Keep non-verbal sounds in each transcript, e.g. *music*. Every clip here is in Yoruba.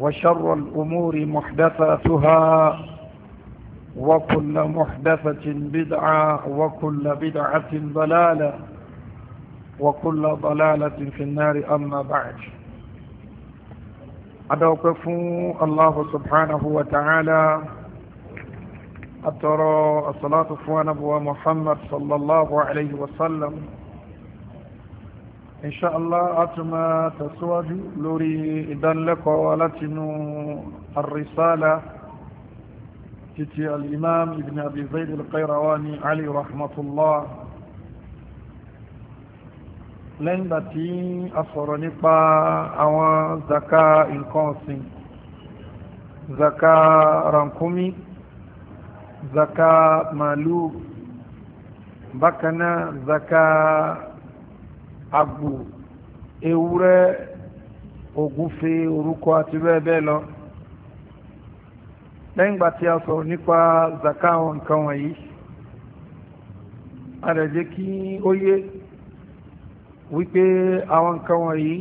وشر الأمور محدثاتها وكل محدثة بدعة وكل بدعة ضلالة وكل ضلالة في النار أما بعد أدوكف الله سبحانه وتعالى أترى الصلاة أبو محمد صلى الله عليه وسلم insha Allah àtúmọ̀ tẹ̀síwájú lórí ìdánilẹ́kọ̀ọ́ látinú ar-risala títí al-imam ibn abi zayd al-qayrawani ali rahmatullah lẹ́yìn ìgbà tí a sọ̀rọ̀ nípa àwọn zaka nǹkan ọ̀sìn zaka rankumi zaka màlúù bákan náà zaka àgbò ewúrẹ́ ògúnfe orúkọ àti bẹ́ẹ̀ bẹ́ẹ̀ lọ lẹ́yìn ìgbà tí a sọ̀rọ̀ nípa zaka àwọn nǹkan wọ̀nyí a rẹ̀ jẹ́ kí ó yé wípé àwọn nǹkan wọ̀nyí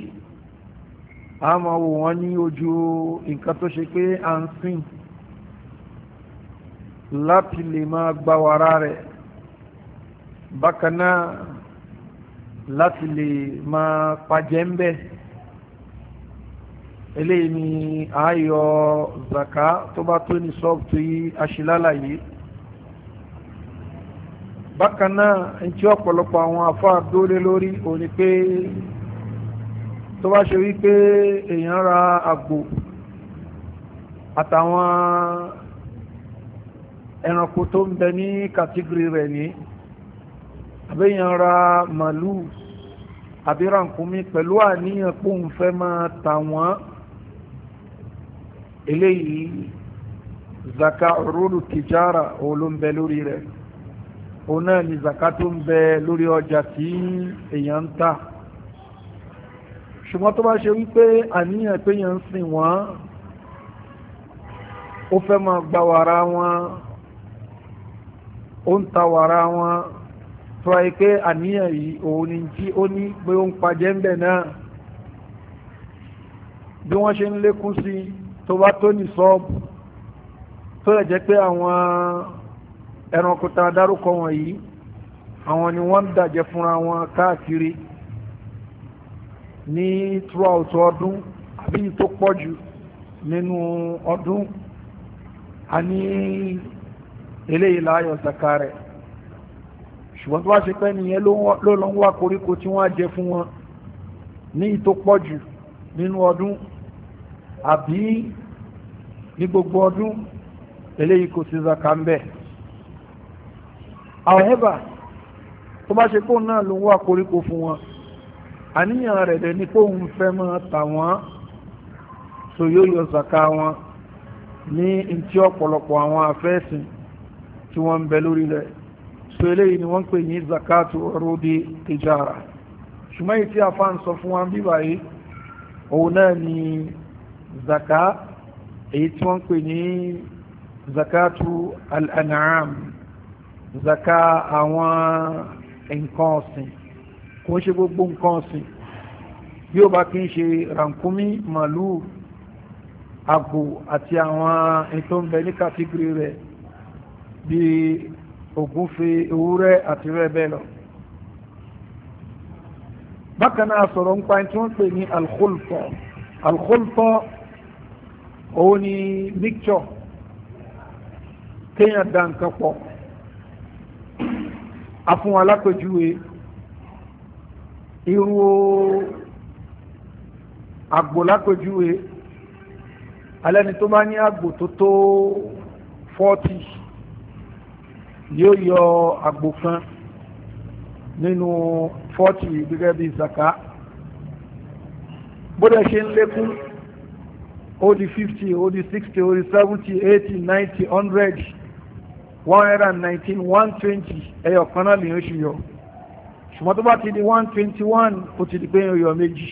a máa wò wọ́n ní ojú nǹkan tó ṣe pé à ń sìn láti lè máa gba wàrà rẹ̀ bákan náà láti lè máa pàjẹ́ ń bẹ́ eléyìí ni ayọ̀ zaka tó bá tó ní sọ́ọ̀bù yí aṣílálà yìí bákan náà ń tí ọ̀pọ̀lọpọ̀ àwọn afá dóre lórí òní pé tó bá ṣe wípé èèyàn ra àgbò àtàwọn ẹranko tó ń bẹ ní kàtígìrì rẹ̀ ní àbẹ́yàn ra màálù àbí rànkúnmí pẹ̀lú àníyàn pé òun fẹ́ máa tà wọ́n eléyìí zaka urudu tìjára òun ló ń lórí rẹ̀ òun náà ni zaka tó ń bẹ lórí ọjà tí èèyàn ń tà ṣùgbọ́n tó bá ṣe wípé àníyàn pé èèyàn ń sìn wọ́n ó fẹ́ máa gba wàrà wọn ó ń ta wàrà wọn tó wáyé pé àníyàn yìí òun ni tí ó ní pé ó ń pa jẹ́ńbẹ̀ náà bí wọ́n ṣe ń lékún sí tó bá tó ní sọ́ọ̀bù tó lè jẹ́ pé àwọn ẹranko tá a dárúkọ àwọn ni wọ́n ń dàjẹ́ fúnra wọn káàkiri ní throughout ọdún àbí tó pọ̀ jù nínú ọdún a ní eléyìí láàyò sàkárẹ̀ ṣùgbọ́n tó wá ṣe pé nìyẹn ló lọ ń wá koríko tí wọ́n á jẹ fún wọn ní ìtò pọ̀jù nínú ọdún àbí ní gbogbo ọdún eléyìí kò sí zaka ń bẹ̀. however tó bá ṣe kóun náà ló ń wá koríko fún wọn àníyàn rẹ̀ dẹ̀ ni kóun fẹ́ máa tà wọ́n so yóò yọ zaka wọn ní ntí ọ̀pọ̀lọpọ̀ àwọn afẹ́sìn tí wọ́n ń bẹ lórí rẹ̀ so eléyìí ni wọ́n pè ní zakatu rudi tijara ṣùgbọ́n èyí tí a fa ń sọ fún wa bí báyìí òun náà ni zaka èyí tí wọ́n pè ní zakatu al-an'am zaka àwọn nǹkan ọ̀sìn kò ń ṣe gbogbo nǹkan ọ̀sìn bí ó bá kí ń ṣe rànkúmí màlúù àgbò àti àwọn ètò ń bẹ ní kàtígìrì rẹ̀ bíi ògúnfe ewúrẹ́ àti rẹ̀ bẹ́ẹ̀ lọ bákan náà sọ̀rọ̀ ń pa ẹni tí wọ́n pè ní alkhulfa alkhulfa òun ni mixture kéèyàn da nǹkan pọ̀ afun alápèjúwe irú àgbò lápèjúwe alẹ́ni tó bá ní àgbò tó tó 40 yóò yọ àgbò kan nínú fọ́tì gẹ́gẹ́ bí zaka bóde ṣe ń lékún ó di fifty ó di sixty ó di seventy eighty ninety hundred one hundred and nineteen one twenty ẹyọ kan náà lèyàn ṣe yọ ṣùgbọ́n tó bá ti di one twenty one ó ti di pé yẹn yọ méjì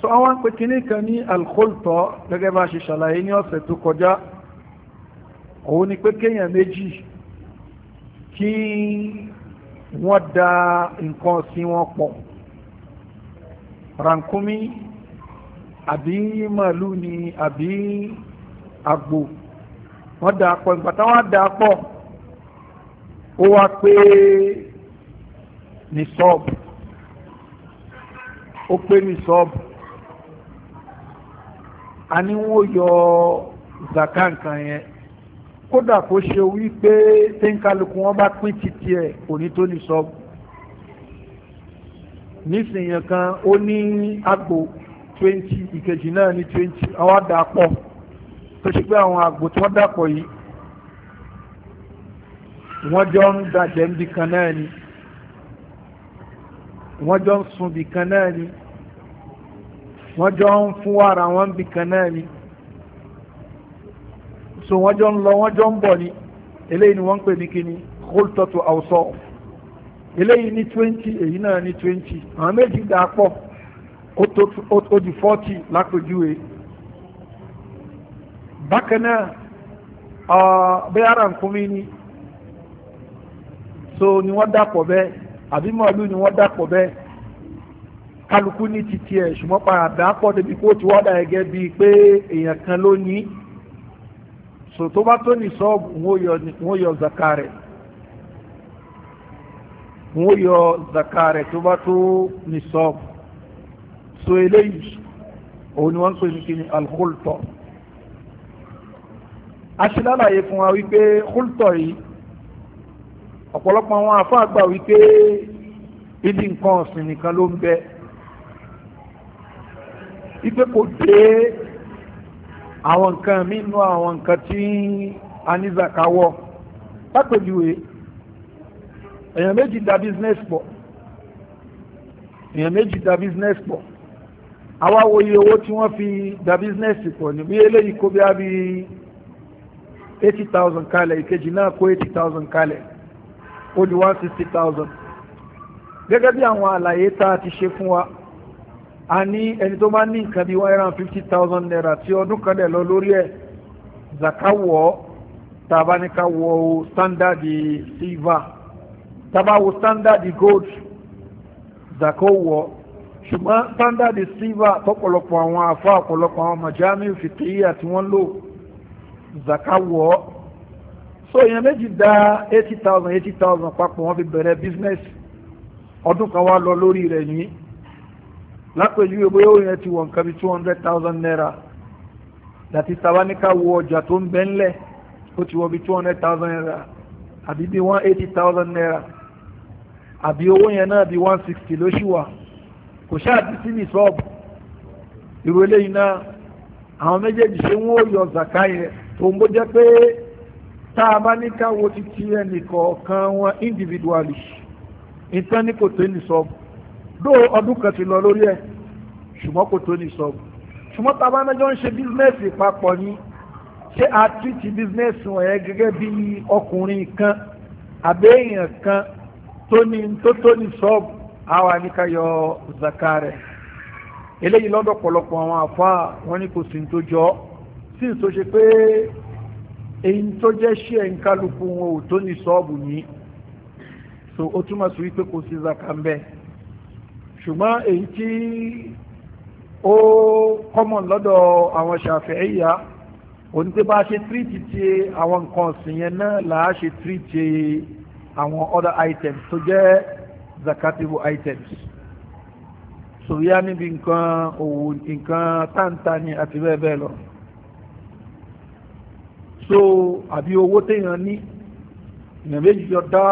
so àwọn pé kínní kan ní alkholtọ gẹ́gẹ́ bá ṣe ṣàlàyé ní ọ̀sẹ̀ tó kọjá òun ni pé kéèyàn méjì kí wọ́n da nǹkan sí wọn pọ̀ rànkúmí àbí màálù ni àbí àgbò wọ́n da pọ̀ ìgbà táwọn da pọ̀ ó wá pé ní sọ́ọ̀bù ó pé ní sọ́ọ̀bù a ní wọ́n yọ zakankan yẹn kódà kó ṣe wípé tẹ́ńkálukú wọn bá pín títí ẹ̀ kò ní tó lè sọ nísìnyẹn kan ó ní àgbò twenty ìkejì náà ní twenty àwọn àdàpọ̀ tó ṣe pé àwọn àgbò tí wọ́n dàpọ̀ yìí wọ́n jọ ń dàjẹ́ níbi kan náà ni wọ́n jọ ń sun bì kan náà ni wọ́n jọ ń fún wàrà wọn bì kan náà ni so wọ́n jọ ń lọ wọ́n jọ ń bọ̀ ni eléyìí ni wọ́n ń pè ní kíni holtoto awsọ eléyìí ní twenty èyí náà ní twenty àwọn méjì dà pọ̀ ó di forty lápèjúwe bákan náà bẹ́ẹ̀ ara nkúmi ni so ni wọ́n dàpọ̀ bẹ́ẹ̀ àbí màálù ni wọ́n dàpọ̀ bẹ́ẹ̀ kálukú ní titi ẹ̀ ṣùgbọ́n padà dàpọ̀ débi kó ti wọ́n dà gẹ́gẹ́ bíi pé èèyàn kan ló ní so tó bá tó ní sọ́ọ̀bù wọ́n yọ zaka rẹ̀ wọ́n yọ zaka rẹ̀ tó bá tó ní sọ́ọ̀bù so eléyìí òun ni wọ́n pè ní kíni alkhultọ̀ aṣílálàyé fún wa wípé khultọ̀ yìí ọ̀pọ̀lọpọ̀ àwọn àfáà gbà wípé ibi nǹkan ọ̀sìn nìkan ló ń bẹ ipe kò dé àwọn nǹkan mínú àwọn nǹkan tí a ní zakawọ́ pápẹ̀júwe èèyàn méjì da business pọ̀ èèyàn méjì da business pọ̀ àwa wo iye owó tí wọ́n fi da business pọ̀ ní bí eléyìí kó bí a bí eighty thousand kalẹ̀ ìkejì náà kó eighty thousand kalẹ̀ ó di one sixty thousand gẹ́gẹ́ bí àwọn àlàyé tá a ti ṣe fún wa a ní ẹni tó máa ní nǹkan bí one hundred fifty thousand naira tí ọdún kan lẹ̀ lọ lórí ẹ̀ zakawọ̀ tàbá ní standardi silver tàbá wo gold zakawọ̀ ṣùgbọ́n standardi silver tọ́pọ̀lọpọ̀ àwọn afọ àpọ̀lọpọ̀ àwọn majami fìtìyà tí wọ́n lò zakawọ̀ so èèyàn méjì dá eighty thousand eighty thousand papọ̀ wọ́n fi bẹ̀rẹ̀ business ọdún kan wá lọ lórí rẹ̀ yìí lápèjúwe bóyá ó yẹn ti wọ̀ nǹkan bí two hundred thousand naira láti tabaníkà wo ọjà tó ń bẹ́ ńlẹ̀ ó ti wọ̀ bí two hundred thousand naira àbí bí one eighty thousand naira àbí owó yẹn náà bí one sixty ló ṣì wà kò ṣáà ti sí ní sọ́ọ̀bù irú eléyìí náà àwọn méjèèjì ṣé wọ́n yọ zaka yẹn tó ń bó jẹ́ pé tá a bá ní ká títí ẹnì kọ̀ọ̀kan wọn individually ìtàn ní kò tó ní sọ́ọ̀bù do ọdún kan ti lọ lórí ẹ̀ ṣùgbọ́n kò tó ní sọ́ọ̀bù ṣùgbọ́n tá bá nájọ́ ń ṣe bísínẹ́sì papọ̀ ni ṣé a ti ti bísínẹ́sì wọ̀nyẹn gẹ́gẹ́ bí ọkùnrin kan àbẹ́yìn kan tó ní tó tó ní sọ́ọ̀bù àwa ní ká yọ zaka rẹ̀ eléyìí lọ́dọ̀ pọ̀lọpọ̀ àwọn àfa wọn ni kò sí ní tó jọ sí ní tó ṣe pé èyí tó jẹ́ ṣé ẹ̀ ń kálukú wọn ò tó ní sọ́ọ̀bù ní so ó túmọ̀ sí wípé kò sí zaka ń bẹ́ẹ̀ ṣùgbọ́n èyí tí ó kọ́mọ̀ lọ́dọ̀ àwọn ṣàfihìyà òní tí bá ṣe tírìtì ti àwọn nǹkan ọ̀sìn yẹn náà làá ṣe tírìtì àwọn other items tó jẹ́ zakatibu items sòríyá níbi nǹkan òwò nǹkan táǹtà ni àti bẹ́ẹ̀ bẹ́ẹ̀ lọ so àbí owó téèyàn ní ìyàn méjì jọ dá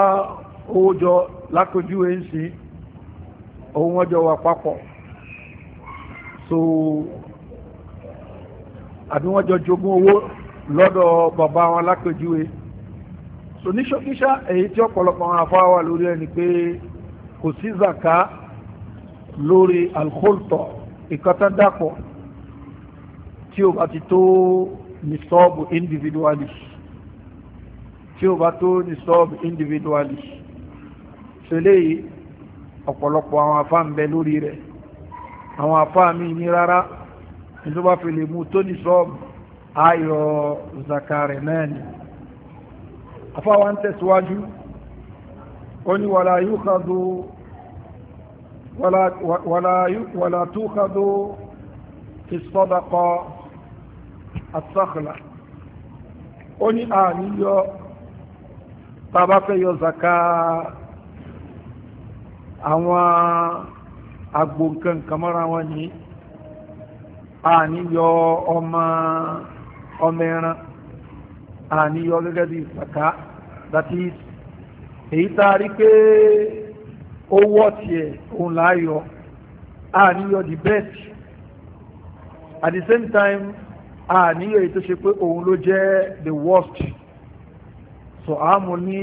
owó jọ lákòjú ẹ̀ ń sìn òun wọ́n jọ papọ̀ so àbí wọ́n jọ jogún owó lọ́dọ̀ bàbá wọn lápèjúwe so ní ṣókíṣá èyí tí ọ̀pọ̀lọpọ̀ àwọn afá wà lórí ẹni pé kò sí zaka lórí alkholtọ̀ ìkọ́tán dàpọ̀ tí ó bá ti tó ní sọ́ọ̀bù individually tí ó bá tó ní sọ́ọ̀bù individually ṣe léyìí ọ̀pọ̀lọpọ̀ àwọn afá ń bẹ lórí rẹ̀ àwọn afá mi ní rárá tó bá fi lè mú tó ní sọ́ọ̀bù ayọ̀ zaka rẹ̀ ni afá wa ń tẹ̀síwájú ó ní wàlá yóò kàdó wàlá tó kàdó ìsọ́dọ̀kọ àtọ́kùlà ó ní àníyọ tàbá fẹ́ yọ zaka àwọn agbo nǹkan kan mọ́ra wọn ní àníyọ ọmọ ọmọ ẹran àníyọ gẹ́gẹ́ bí ìsàká that is èyí tá a rí pé ó wọ́ tiẹ̀ òun láàyọ àníyọ the best at the same time àníyọ èyí tó ṣe pé òun ló jẹ́ the worst so àmọ́ ní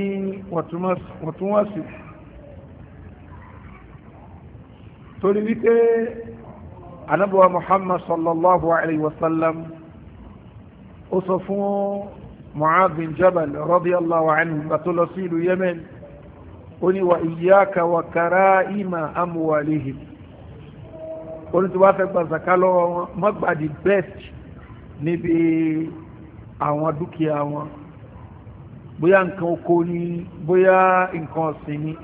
wọ̀túnwọ̀sì. torí wípé anábọ̀wá muhammad sallallahu alayhi wa sallam ó sọ fún mu'adh bin jabal radiyallahu anhu gbàtó lọ sí ìlú yemen ó ní wa iyyaka wa kara'ima amwalihim ó ní tí wàá fẹ́ gba zaka lọ́wọ́ wọn má gba best níbi àwọn dúkìá wọn bóyá nǹkan oko ni bóyá nǹkan ọ̀sìn ni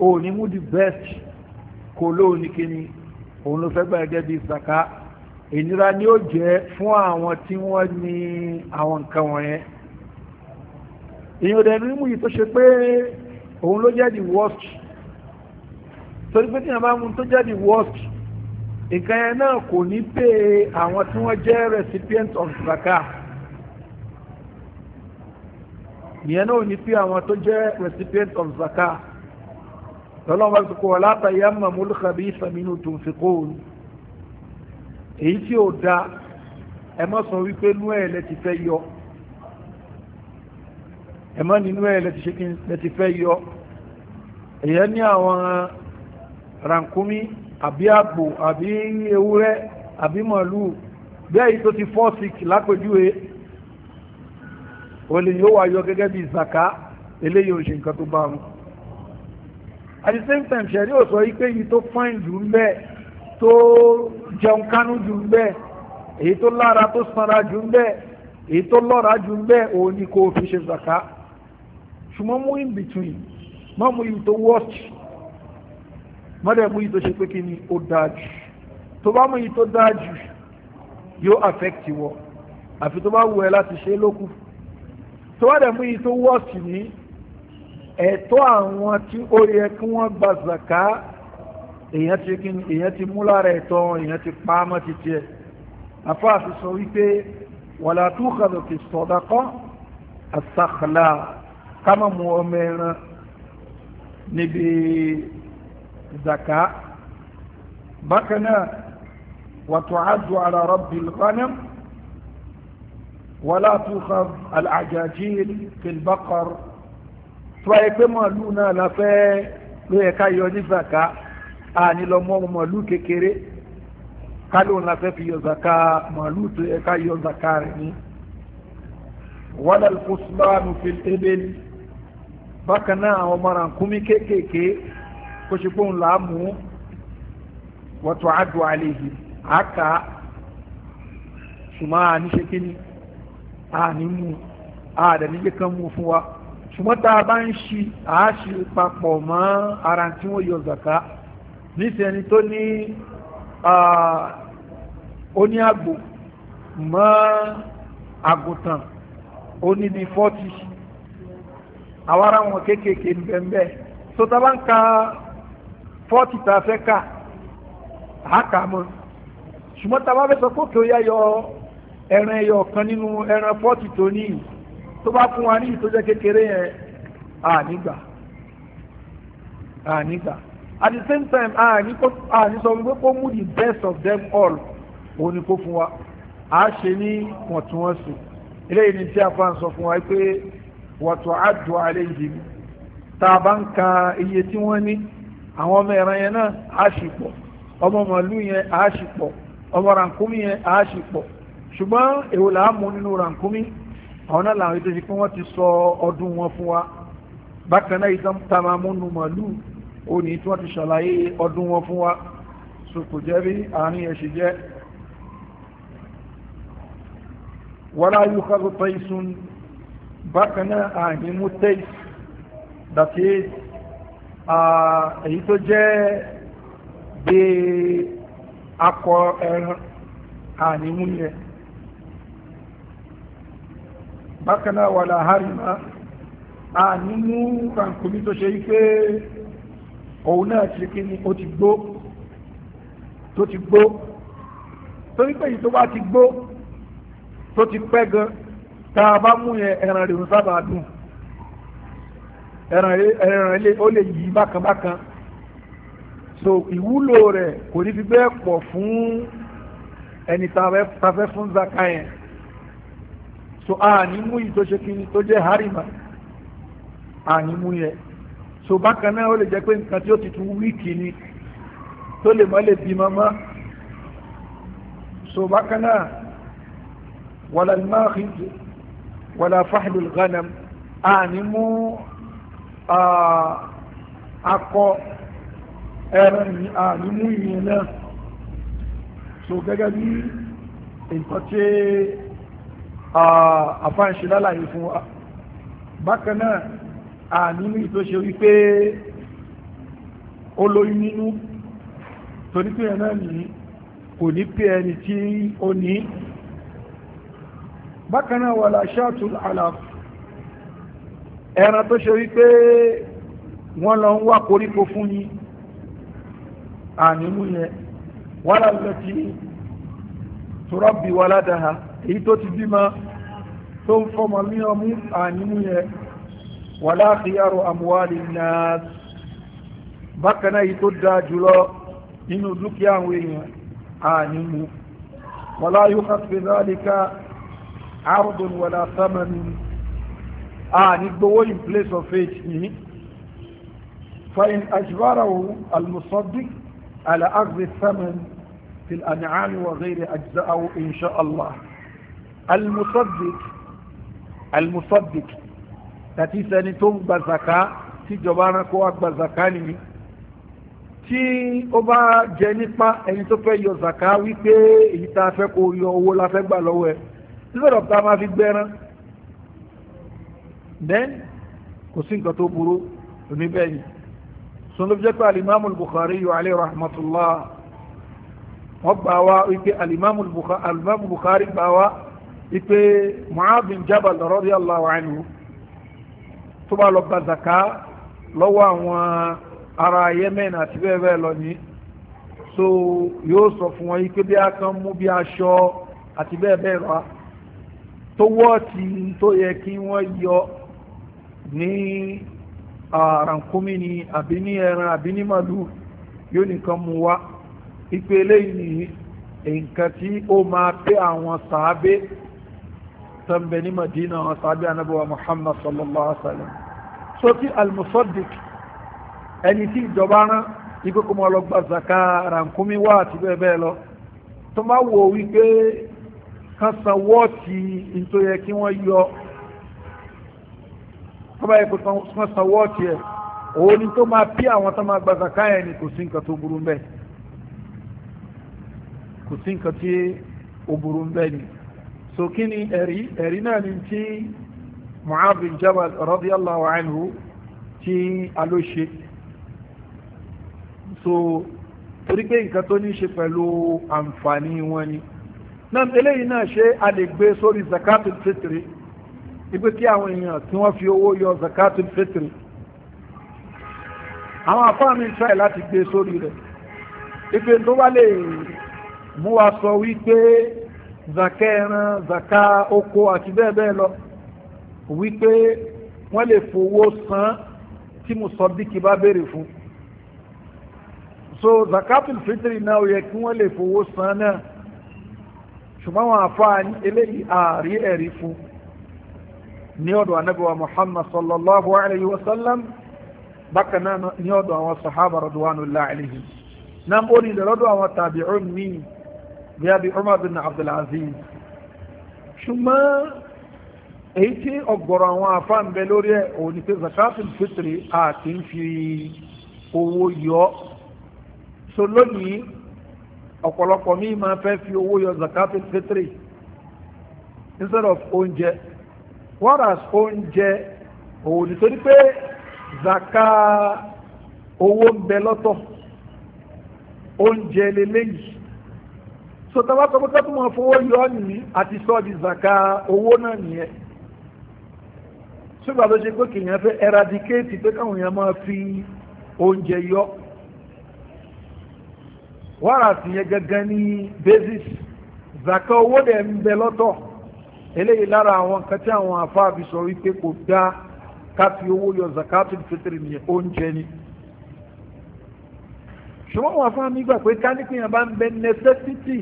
ó ní mú the best kò lóhùn ní kíni òun ló fẹ́ gbà gẹ́gẹ́ bí zaka ìnira ni ó jẹ́ fún àwọn tí wọ́n ní àwọn nǹkan wọ̀nyẹn èèyàn dẹ̀ ní mú yìí tó ṣe pé òun ló jẹ́ the worst torí pé tí mú tó jẹ́ the worst nǹkan yẹn náà kò ní pé àwọn tí wọ́n jẹ́ recipient of zaka ìyẹn náà ò ní pé àwọn tó jẹ́ recipient of zaka lọ́lọ́wọ́ ti kọ́ láta yamma múlùkàbí ìsàmínú tó ń fi kóòlù èyí tí ó da ẹ má sọ wípé nú ẹ̀ lẹ ti fẹ́ yọ ẹ má nínú ẹ̀ lẹ ti ṣe kí lẹ ti fẹ́ yọ èyẹ ní àwọn rànkúmí àbí àgbò àbí ewúrẹ́ àbí màálù bẹ́ẹ̀ yìí tó ti fọ́ sick lápèjúwe olè yóò wá yọ gẹ́gẹ́ bí zaka eléyìí ò ṣe nǹkan tó bá wọn at the same time ṣẹ̀rí ò sọ wípé èyí tó fine jù ń bẹ́ẹ̀ tó jẹun kánú jù ń bẹ́ẹ̀ èyí tó lára tó sanra jù ń bẹ́ẹ̀ èyí tó lọ́ra jù ń bẹ́ẹ̀ òun ni kò fi ṣe zaka ṣùgbọ́n mú in between má mú yìí tó worst mọ́dẹ̀ mú yìí tó ṣe pé kí ni ó dáa jù tó bá mú yìí tó dáa jù yóò affect wọ àfi tó bá wù ẹ́ láti ṣe lókù tó bá dẹ̀ mú yìí tó worst ní ẹ̀tọ́ àwọn tí ó yẹ kí wọ́n gba zaka èyàn ti mú lára ẹ̀tọ́ èyàn ti pa á mọ́ ti tiẹ̀ afáà fi sọ wípé wàlá tó kàdọ̀ kì sọ̀dákọ́ àsàkàlà kámọ̀ mú ọmọ ẹran níbi zaka bákan wàtò àjò ala rabbil ghanam wàlá tó kàdọ̀ al-ajajil tó wáyé pé màálù náà la fẹ́ ló yẹ ká yọ ní zaka àní lọ mọ́ màálù kékeré kálóhùn la fẹ́ fi yọ zaka màálù tó yẹ ká yọ zaka rẹ̀ ní. wàlá kùsùlánù fi ebèlì bákan náà àwọn ọmọ rànkúmí kéékèèké kó ṣe pé òun là á mú wọ́tò àdùn àlejò àkà ṣùgbọ́n àní ṣe kí ni àní mú àdàníjẹ́ kan mú fún wa ṣùgbọ́n tá a bá ń ṣi àáṣì papọ̀ mọ́ ara tí wọ́n yọ zaka níṣẹ́ ẹni tó ní oní àgbò mọ́ àgùntàn oní ní fọ́tì àwọn ará wọn kéékèèké bẹ́ẹ̀ so tá a bá ń ka fọ́tì tá a fẹ́ kà á kà mọ́ ṣùgbọ́n tá a bá fẹ́ sọ pé kí yá yọ ẹran ẹyọ kan nínú ẹran fọ́tì tó níyì tó bá fún wa ní ìtọ́jẹ́ kékeré yẹn ànígbà ànígbà at the same time àní sọ wípé kó mú the best of them all òun ni kó fún wa a ṣe ní wọ̀ntúnwọ̀nsì eléyìí ni tí a fa ń sọ fún wa pé wàtò àjò alẹ́ yìí mi tá a bá ń ka iye tí wọ́n ní àwọn ọmọ ẹ̀ràn yẹn náà á sì pọ̀ ọmọ màálù yẹn á sì pọ̀ ọmọ rànkúmí yẹn á sì pọ̀ ṣùgbọ́n èwo làá mú nínú rànkúmí àwọn náà làwọn ètò ìṣe pé wọ́n ti sọ ọdún wọn fún wa bákan náà ìtàn tamamúnu màlúù òní tí wọ́n ti ṣàlàyé ọdún wọn fún wa so kò jẹ́ bí àárín ẹ̀ṣẹ̀ jẹ́ wọ́n láyé kọ́kọ́ tó ìsun bákan náà àárín mú tẹ́ìs that èyí tó jẹ́ bí akọ ẹran àárín mú yẹn bákanáà wà láhárìmá a nínú rànkúmí tó ṣe wípé òun náà ti kí ni ó ti gbó tó ti gbó torí pé èyí tó bá ti gbó tó ti pẹ́ gan tá a bá mú yẹn ẹran rẹ̀ sábà dùn ẹran ilé ó lè yí bákanbákan so ìwúlò rẹ̀ kò ní fi bẹ́ẹ̀ pọ̀ fún ẹni tá a fẹ́ fún zaka yẹn so a ní mú yìí tó ṣe kí tó jẹ́ harima a ní mú yẹ so bákan náà ó lè jẹ́ pé nǹkan tí ó ti tún wíìkì ni tó lè mọ́ lè bímọ mọ́ so bákan náà wàlá mahid wàlá fahlul ghanam a ní mú akọ ẹran ní a ní mú yìí náà so gẹ́gẹ́ bí nǹkan tí àfáàṣe lálàyé fún wa bákan náà a nínú ìtò ṣe wípé ó lóyún nínú torí pé ẹ̀ náà ní kò ní pé ẹni tí ó ní bákan náà wà láṣáàtù àlàf ẹran tó ṣe wípé wọ́n lọ ń wá koríko fún yín a nínú yẹn wà lálẹ́ tó rọ́bì wà ládàá èyí tó ti bímọ tó ń fọmọ ní ọmú ànímú yẹ wà láàkíyàrò àmúwálì náà bákaná èyí tó dáa jùlọ nínú dúkìá àwọn èèyàn ànímú wà láyé kàfẹ́zálíkà àrùdùn wà látàmàmì àní gbowó in place of faith yìí فإن أجبره المصدق على أخذ الثمن في الأنعام وغير أجزاءه إن شاء الله al-musaddiq al-musaddiq tàti sẹni tó ń gba zaka tíjọba aránkó wa gba zaka nìyí tí ó bá jẹ nípa ẹni tó fẹ́ yọ zaka wípé èyí tá a fẹ́ kó yọ owó la fẹ́ gbà lọ́wọ́ ẹ nígbàdàn tá a máa fi gbẹ́rán then kò sí nǹkan tó burú oníbẹ̀ yìí sunlọ jẹ́ pé alimami bukhari yọ alẹ́ rahmatulah wọ́n gbà wá wípé alimami bukhari gbà wá. ipe Mu'adh bin Jabal radiyallahu anhu tó bá lọ gba zaka lọ́wọ́ àwọn ara Yemen àti bẹ́ẹ̀ bẹ́ẹ̀ lọ ni so yóò sọ fún wọn ipe bí a kan mú bí aṣọ àti bẹ́ẹ̀ bẹ́ẹ̀ lọ tó wọ́ọ̀tì tó yẹ kí wọ́n yọ ní àrànkúmí ni àbí ní ẹran àbí ní malu yóò nìkan mú wa ipe eléyìí ni nǹkan tí ó máa pé àwọn sàábé tọ́m̀bẹ̀ ní madina wọn sábẹ́ anábọ̀wà muhammad sallallahu alaihi wasallam so ti al-musaddiq ẹni tí ìjọba rán ipé kó mọ́ lọ gba zaka rankumi wá àti bẹ́ẹ̀ bẹ́ẹ̀ lọ tó máa wò wípé kan san wọ́ọ̀tì tó yẹ kí wọ́n yọ tó bá yẹ kó san wọ́ọ̀tì ẹ̀ òun ni tó máa pí àwọn tó máa gba zaka yẹn ni kò sí nǹkan tó burú mbẹ́ kò sí nǹkan tí ó burú mbẹ́ ni so kí ni ẹ̀rí ẹ̀rí náà ni tí Mu'adh bin Jabal radiyallahu anhu tí a ló ṣe so torí pé nǹkan tó ní ṣe pẹ̀lú àǹfààní wọn ni náà eléyìí náà ṣe a lè gbé sórí zakatul fitri ibi tí àwọn èèyàn tí wọ́n fi owó yọ zakatul fitri àwọn afáàmì israel láti gbé sórí rẹ̀ ipe tó bá lè mú wa sọ wípé zaka ẹran zaka oko àti bẹ́ẹ̀ bẹ́ẹ̀ lọ wípé wọ́n lè fowó san tí mùsọ̀bíkì bá béèrè fún so zakatul fitri náà ó yẹ kí wọ́n lè fowó san náà ṣùgbọ́n wọn àfáà ní eléyìí ààrí ẹ̀rí fún ní ọ̀dọ̀ anábíwa muhammad sallallahu alayhi wa sallam bákan náà ní ọ̀dọ̀ àwọn sahaba radwanullahi alayhim náà ó ní ìdọ̀rọ̀dọ̀ àwọn tàbí'un míì bí a bí Umar bin Abdul Aziz ṣùgbọ́n èyí tí ọ̀gọ̀rọ̀ àwọn àfáà ń bẹ lórí ẹ̀ òun ni pé zakatul fitri àti ń fi owó yọ so lónìí ọ̀pọ̀lọpọ̀ míì máa fẹ́ fi owó yọ zakatul fitri instead of oúnjẹ whereas oúnjẹ òun nítorí pé zaka owó ń bẹ lọ́tọ̀ oúnjẹ lélẹ́yìí so tàbá sọ pé tẹ́tù mọ̀ fowó yọ ọ́ nìyí àti sọ di zaka owó náà nìyẹn ṣùgbọ́n àbẹ̀ṣe pé kìnìyàn fẹ́ eradicate pé káwọn èèyàn máa fi oúnjẹ yọ wàrà tìyẹn gangan ní basis zaka owó dẹ̀ ń bẹ lọ́tọ̀ eléyìí lára àwọn nǹkan tí àwọn àfáàbí sọ wípé kò dá ká fi owó yọ zakatul fitri nìyẹn oúnjẹ ni ṣùgbọ́n àwọn àfáàbí gbà pé ká ní kìnìyàn bá ń bẹ necessity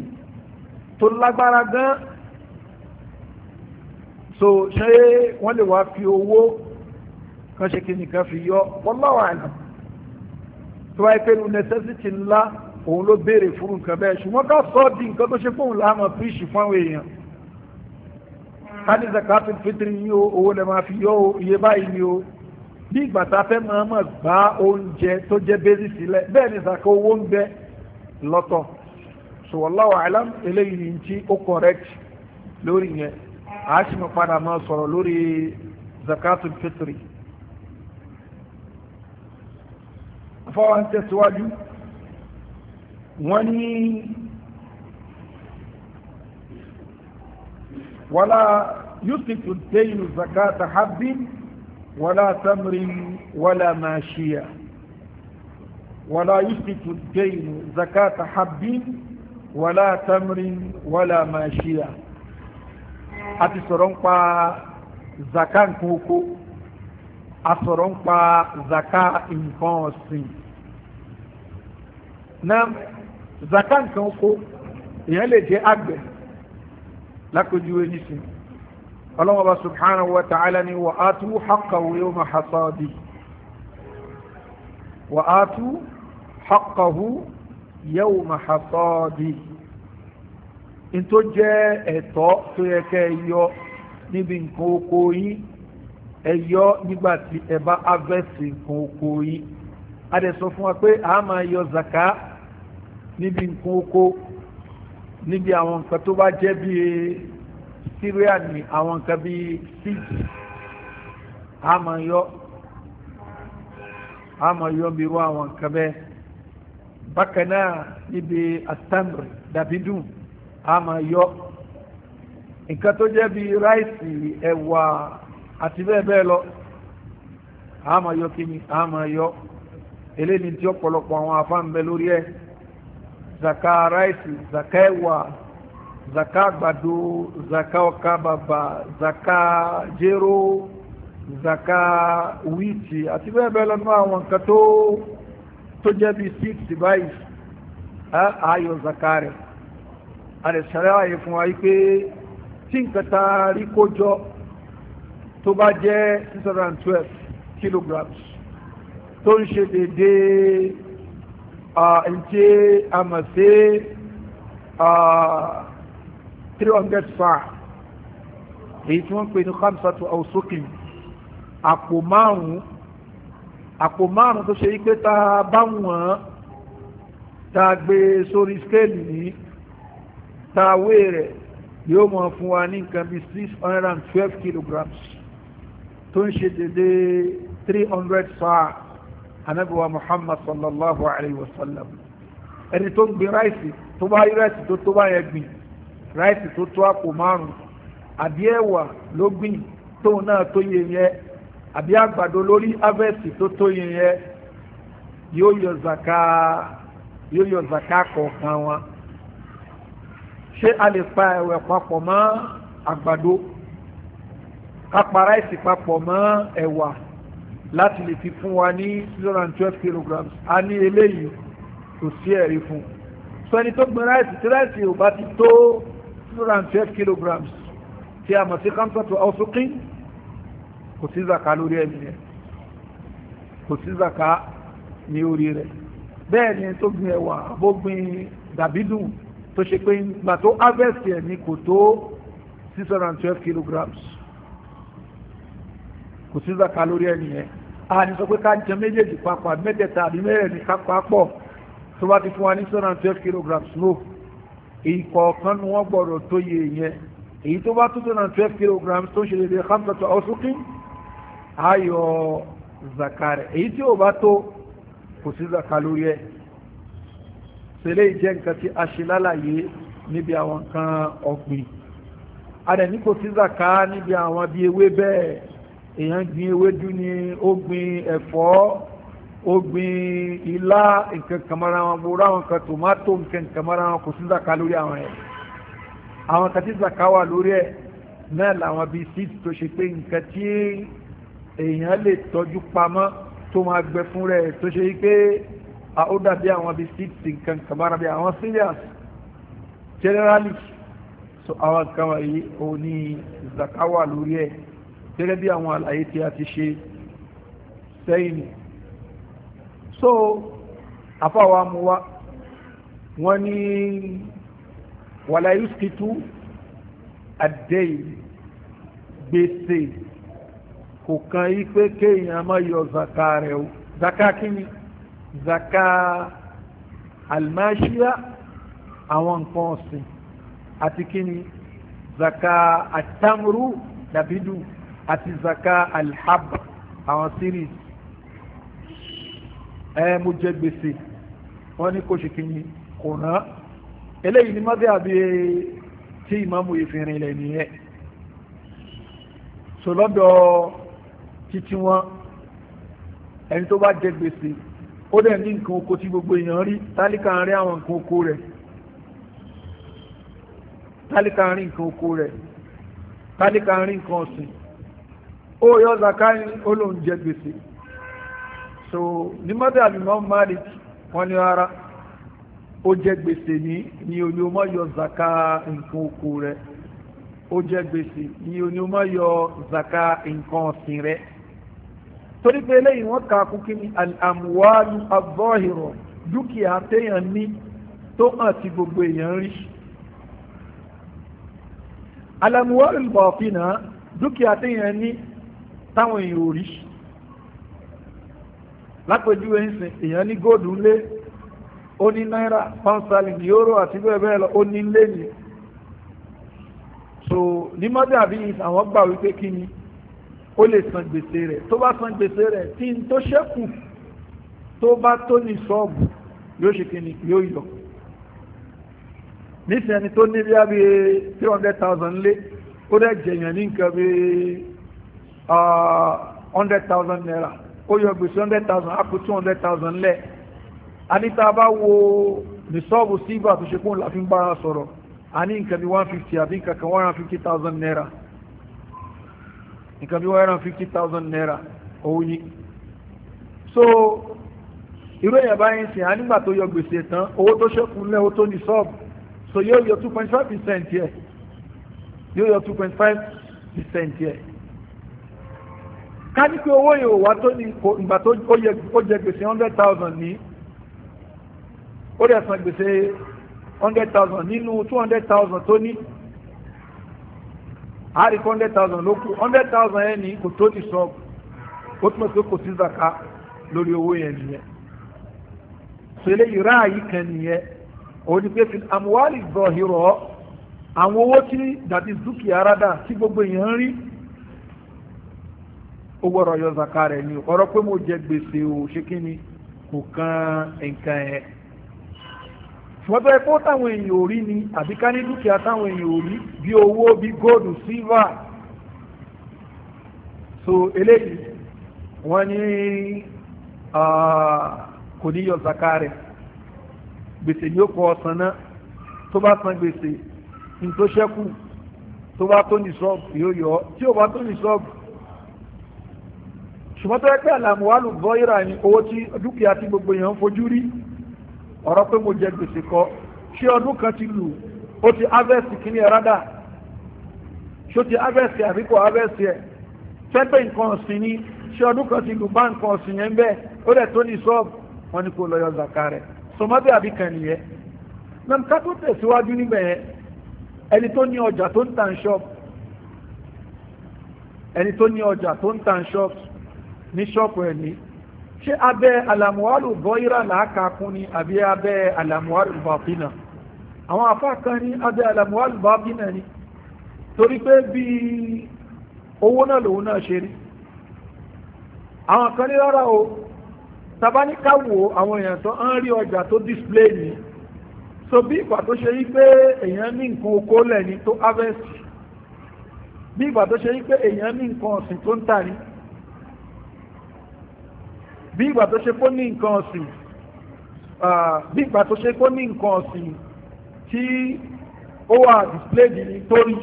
tó lágbára gan so ṣe wọ́n lè wá fi owó kan ṣe kí nìkan fi yọ wallahu alam tó wáyé pé necessity ńlá òun ló béèrè fún nǹkan bẹ́ẹ̀ ṣùgbọ́n ká sọ di nǹkan tó ṣe fóun láàmọ̀ píṣì fún àwọn èèyàn ká ní zakatul fitri ní owó lè máa fi yọ iye báyìí ni o bí ìgbà tá a fẹ́ máa mọ̀ gbá oúnjẹ tó jẹ́ bẹ́sì sílẹ̀ bẹ́ẹ̀ ni zaka owó ń bẹ lọ́tọ̀ so wallahu alam eléyìí ní tí ó correct lórí yẹn a sì mọ̀ padà máa sọ̀rọ̀ lórí zakatul fitri fọ́wọ́n tẹ̀síwájú wọ́n ní wọ́lá yusuf dẹ́yìn zakata habbin wọ́lá tamrin wọ́lá mashiya wọ́lá yusuf dẹ́yìn zakata habbin wàlá tamrin wàlá mashia a ti sọ̀rọ̀ ń pa zaka nǹkan oko a sọ̀rọ̀ ń pa zaka nǹkan ọ̀sìn na zaka nǹkan oko èèyàn lè jẹ́ àgbẹ̀ lákòjú ẹni sí subhanahu wa ta'ala ni wa atu haqqahu yawma hasadi wa atu haqqahu yawma hasadi in tó jẹ́ ẹ̀tọ́ tó yẹ kẹ́ ẹ yọ níbi nǹkan oko yín ẹ yọ nígbà tí ẹ bá avẹ́sì nǹkan oko yín a dẹ̀ sọ fún wa pé a máa yọ zaka níbi nǹkan oko níbi àwọn nǹkan tó bá jẹ́ bí síríà ní àwọn nǹkan bí síìtì a máa yọ a máa yọ bí àwọn nǹkan bẹ́ẹ̀ bákan náà níbi atamri dàbídùn a máa yọ nǹkan tó jẹ́ bíi ráìsì ẹ̀wà àti bẹ́ẹ̀ bẹ́ẹ̀ lọ a yọ kíni a yọ eléyìí tí ọ̀pọ̀lọpọ̀ àwọn afáǹbẹ lórí ẹ̀ zaka ráìsì zaka ẹ̀wà zaka àgbàdo zaka ọkà bàbà zaka jéró zaka wíìtì àti bẹ́ẹ̀ bẹ́ẹ̀ lọ nínú àwọn nǹkan tó tó jẹ́ bí six báyìí ayọ̀ zaka rẹ̀ àrẹ̀sẹ̀rẹ̀ ààyè fún wa wípé tí nǹkan ta rí kó jọ tó bá jẹ́ six hundred and twelve kilograms tó ń ṣe dédé ǹjẹ́ àmọ̀ sí three fa èyí tí wọ́n pè ní khamsatu awsuqi àpò márùn-ún àpò márùn tó ṣe wípé tá a bá wọ̀n tá a gbé sórí skéèlì yìí tá wé rẹ̀ yóò mọ̀ fún wa ní nǹkan bí six hundred and twelve kilograms tó ń ṣe dédé three hundred sáà anabiwa muhammad sallallahu alayhi wa sallam ẹni tó ń gbin ráìsì tó bá rí ráìsì tó tó bá yẹ gbìn ráìsì tó tó àpò márùn àbí ẹ̀wà ló gbìn tóun náà tó yẹ yẹn àbí àgbàdo lórí harvest tó tó yẹn yẹn yóò yọ zaka yóò yọ zaka kọ̀ọ̀kan wọn ṣé a lè pa ẹ̀wẹ̀ papọ̀ mọ́ àgbàdo ká pa ráìsì papọ̀ mọ́ ẹ̀wà láti lè fi fún wa ní six hundred and twelve kilograms a ní eléyìí kò sí ẹ̀rí fún un sọ ẹni tó gbin ráìsì tí ráìsì ò bá ti tó six hundred and twelve kilograms tí a mọ̀ sí kámsàtò ọ̀ṣùnkín kò sí zaka lórí ẹni yẹn kò sí zaka ní orí rẹ̀ bẹ́ẹ̀ ni tó gbin ẹ̀wà bó gbin dàbídùn tó ṣe pé ìgbà tó harvest ẹ̀ ní kò tó six hundred and twelve kilograms kò sí zaka lórí ẹni yẹn a ní sọ pé ká jẹ méjèèjì papọ̀ mẹ́tẹ̀ẹ̀ta àbí mẹ́rẹ̀ ní ká papọ̀ tó bá ti fún wa ní six hundred and twelve kilograms ló ìkọ̀ọ̀kan ni wọ́n gbọ́dọ̀ tó yẹ ìyẹn èyí tó bá two hundred and twelve kilograms tó ṣe lè dé hamsa tó ọ̀ṣùkín ayọ̀ zakari rẹ̀ èyí tí ò bá tó kò sí zaka lórí ẹ̀ sẹ́lẹ̀ nǹkan tí a ṣe lálàyé níbi àwọn nǹkan ọ̀gbìn adẹ̀ kò sí zaka níbi àwọn bí ewé bẹ́ẹ̀ èèyàn gbin ewédú ni ó gbin ẹ̀fọ́ ó gbin ilá nǹkan kàmọ́ra wọn gbòòrò àwọn kan tòmátò nǹkan kàmọ́ra wọn kò sí zaka lórí àwọn ẹ̀ àwọn kan tí zaka wà lórí ẹ̀ náà làwọn bíi seeds tó ṣe pé nǹkan tí èèyàn lè tọ́jú pamọ́ tó máa gbẹ fún rẹ̀ tó ṣe wípé ó dàbí àwọn bíi síìtì nǹkan kàbára bíi àwọn serious generally so àwọn kan wáyé òun ní zakawa lórí ẹ̀ gẹ́gẹ́ bí àwọn àlàyé tí a ti ṣe sẹ́yìn so afáwa mu wa wọ́n ní wàlàyé skìtú àdéhìí gbèsè kò kan yí pé kéèyàn má yọ zaka rẹ̀ o zaka kíni zaka almashia àwọn nǹkan ọ̀sìn àti kíni zaka atamru dàbídù àti zaka alhab àwọn series ẹ mo jẹ gbèsè wọn ní kò ṣe kíni kò ná eléyìí ni mọ́tẹ́ àbí tí ìmáàmù ìfìrìnlẹ̀ nìyẹn sọlọ́dọ̀. So, títí wọn ẹni tó bá jẹ gbèsè ó dẹ̀ ní nǹkan oko tí gbogbo èèyàn rí tálíkà rí àwọn nǹkan oko rẹ̀ tálíkà rí nǹkan oko rẹ̀ tálíkà rí nǹkan ọ̀sìn ó yọ zakari ó lòun jẹ gbèsè so ní mọ́tẹ́ àbímọ́ Malik wọ́n ní rárá ó jẹ gbèsè ní ní onímọ̀ yọ zaka nǹkan oko rẹ̀ ó jẹ gbèsè ní onímọ̀ yọ zaka nǹkan ọ̀sìn rẹ̀ torí pé eléyìí wọ́n kà á kú kí ni àmúwáàlú abọ́hìrọ̀ dúkìá téèyàn ní tó hàn tí gbogbo èèyàn rí alamuwaalu bọ̀ọ̀fìnà dúkìá téèyàn ní táwọn èèyàn ò rí lápèjúwe ń sìn èèyàn ní góòdù lé ó ní náírà pọ́nsálì ní yóró àti bẹ́ẹ̀ bẹ́ẹ̀ lọ ó ní lé ni so ní mọ́dàbí àwọn gbà wípé kí ni ó lè san gbèsè rẹ̀ tó bá san gbèsè rẹ̀ tí n tó ṣẹ́kù tó bá tó ní sọ́ọ̀bù yóò ṣe kíni yóò yọ nísìnyí ẹni tó ní bí a bí three hundred thousand lé ó dẹ̀ jẹ̀yàn ní nǹkan bí hundred thousand naira ó yọ gbèsè hundred thousand á kù two hundred thousand lẹ̀ anita bá wo ní sọ́ọ̀bù síbà tó ṣe kóun láfi ń bára sọ̀rọ̀ a ní nǹkan bí one fifty àbí nǹkan kan one hundred fifty thousand naira nǹkan bí wọ́n ẹran fifty thousand naira òun ni so irú èèyàn báyìí sìn á nígbà tó yọ gbèsè tán owó tó ṣẹ́kù ńlẹ̀ owó tó ní sọ́ọ̀bù so yóò yọ two point five percent yẹ yóò yọ two point five percent yẹ ká ní pé owó yìí ò wá tó ní ìgbà tó ó jẹ gbèsè hundred thousand ní ó dẹ̀ san gbèsè hundred thousand nínú two hundred thousand tó ní a rí 100,000 thousand ló yẹn ní kò tó ti sọ ó túmọ̀ sí kò sí zaka lórí owó yẹn nìyẹn sọlẹ̀ yìí ráàyè kan nìyẹn òun ni pé fil amuwari àwọn owó tí dàbí dúkìá rádà tí gbogbo ya ń rí ó ọyọ yọ zaka rẹ̀ ni ọ̀rọ̀ pé mo jẹ gbèsè o ṣe kí ni kò kan nǹkan yẹn. ṣùgbọ́n tó yẹ kó táwọn èèyàn ò rí ni àbí ká ní dúkìá táwọn èèyàn ò rí bí owó bí góòdù sílvà so eléyìí wọ́n ní kò ní yọ zaka rẹ̀ gbèsè ni ó kọ ọ̀sán náà tó bá san gbèsè ní tó ṣẹ́kù tó bá tó ní sọ́ọ̀bù yóò yọ tí ó bá tó ní sọ́ọ̀bù ṣùgbọ́n tó yẹ pé àlàmúwálù bọ́ ìrà ni owó tí dúkìá tí gbogbo èèyàn fojú rí ọ̀rọ̀ pé mo jẹ gbèsè kọ́ ṣé ọdún kan ti lù ó ti avẹ́sì kí ni ẹ̀ rádà ṣé ó ti avẹ́sì àbí kò avẹ́sì ẹ̀ tẹ́gbẹ́ nǹkan ọ̀sìn ni ṣé ọdún kan ti lù bá nǹkan ọ̀sìn yẹn bẹ́ẹ̀ ó dẹ̀ tó ní sọ́ọ̀bù wọn ni kò lọ zaka rẹ̀ sọmọdé àbí kan nìyẹn nam ká tó tẹ̀síwájú níbẹ̀ yẹn ẹni tó ní ọjà tó ń ta ń ṣọ́ọ̀bù ẹni tó ní ọjà tó ń ta ń ṣọ́ọ̀bù ní ṣọ́ọ̀bù ẹ̀ ní ṣé abẹ́ alamuwaru bọ́ira làákàkún ni àbí abẹ́ alamuwaru bàbínà àwọn afá kan ní abẹ́ alamuwaru bàbínà ni torí pé bí owó náà lòun náà ṣe rí àwọn kan ní rárá o tabaníkàwò àwọn èèyàn tó ń rí ọjà tó display ni so bí ìgbà tó ṣe yí pé èèyàn ní nǹkan oko lẹ́ni tó harvest bí ìgbà tó ṣe yí pé èèyàn ní nǹkan ọ̀sìn tó ń tà ní bí ìgbà tó ṣe kó ní nǹkan ọ̀sìn bí ìgbà tó ṣe kó ní nǹkan ọ̀sìn tí ó wà displayed ní torí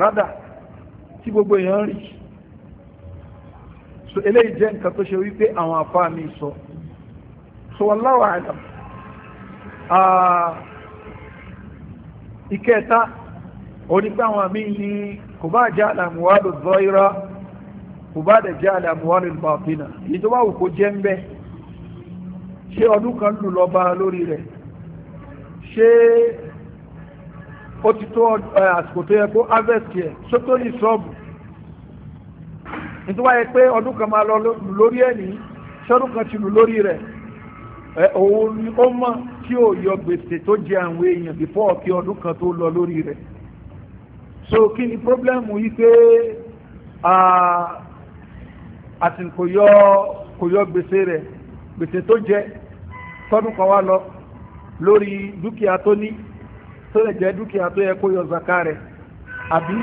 rádà tí gbogbo èèyàn rí so eléyìí jẹ́ nǹkan tó ṣe wípé àwọn àfáà mi sọ so wallahu a'lam ìkẹta onígbà àwọn àmì ní kò bá jẹ́ àlàmùwádò zọ́ira kò bá dẹ̀ jẹ́ àlẹ́ àmúwárẹ̀ bàbínà ìjọba òkò jẹ́ ń bẹ́ ṣé ọdún kan lù lọ bá lórí rẹ̀ ṣé ó ti tó àsìkò tó yẹ kó harvest yẹ ṣó tó ní sọ́ọ̀bù nítorí wáyé pé ọdún kan máa lù lórí ẹ̀ ní ṣọ́dún kan ti lù lórí rẹ̀ òun ni ó mọ̀ tí ò yọ gbèsè tó jẹ àwọn èèyàn before kí ọdún kan tó lọ lórí rẹ̀ so kí ni pọ́blẹ́mù yìí pé àti kò yọ kò yọ gbèsè rẹ̀ gbèsè tó jẹ tọdún kan wá lọ lórí dúkìá tó ní tó lè jẹ dúkìá tó yẹ kó yọ zaka rẹ̀ àbí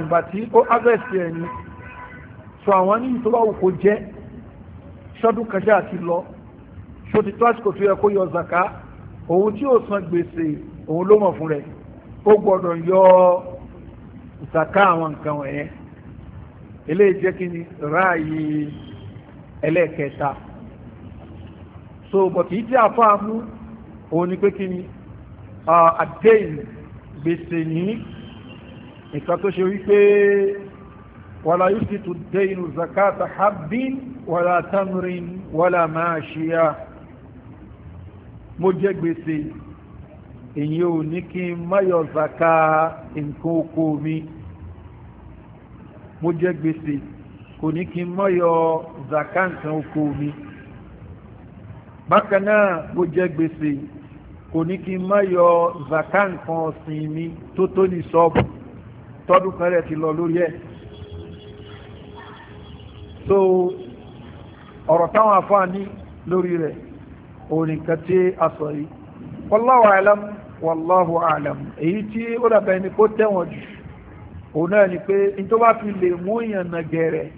ìgbà tí ó harvest ẹ̀ ni so àwọn ní ìtọ́wáwò kò jẹ́ ṣọ́dún kan ṣáà lọ ṣó ti tó àsìkò tó yẹ kó yọ zaka òun tí ó san gbèsè òun ló mọ̀ fún rẹ̀ ó gbọ́dọ̀ yọ zaka àwọn nǹkan wọ̀nyẹn eléyìí jẹ́ kí ni ráàyè ẹlẹ́ẹ̀kẹta so bọ̀tí ìdí àfáàmú òun ni pé kí ni àdéhìn gbèsè ní nǹkan tó ṣe wípé wàlá yóò sì tún déhìn zakata habbin wàlá tamrin wàlá maashiya mo jẹ gbèsè èyí ò ní kí n má zaka nǹkan oko mi mo jẹ gbèsè kò ní kí n mọ́yọ zaka nǹkan oko mi bákan náà mo jẹ gbèsè kò ní kí n mọ́yọ zaka ọ̀sìn mi tó tó ní sọ́ọ̀bù tọ́dún kan rẹ̀ ti lọ lórí ẹ̀ so ọ̀rọ̀ táwọn afáà ní lórí rẹ̀ òrìnkà tí a sọ yìí wallahu alam wallahu alam èyí tí ó dàbẹ̀ ni kó tẹ̀wọ̀n jù òun náà ni pé n tó bá fi lè mú èèyàn nà gẹ̀rẹ̀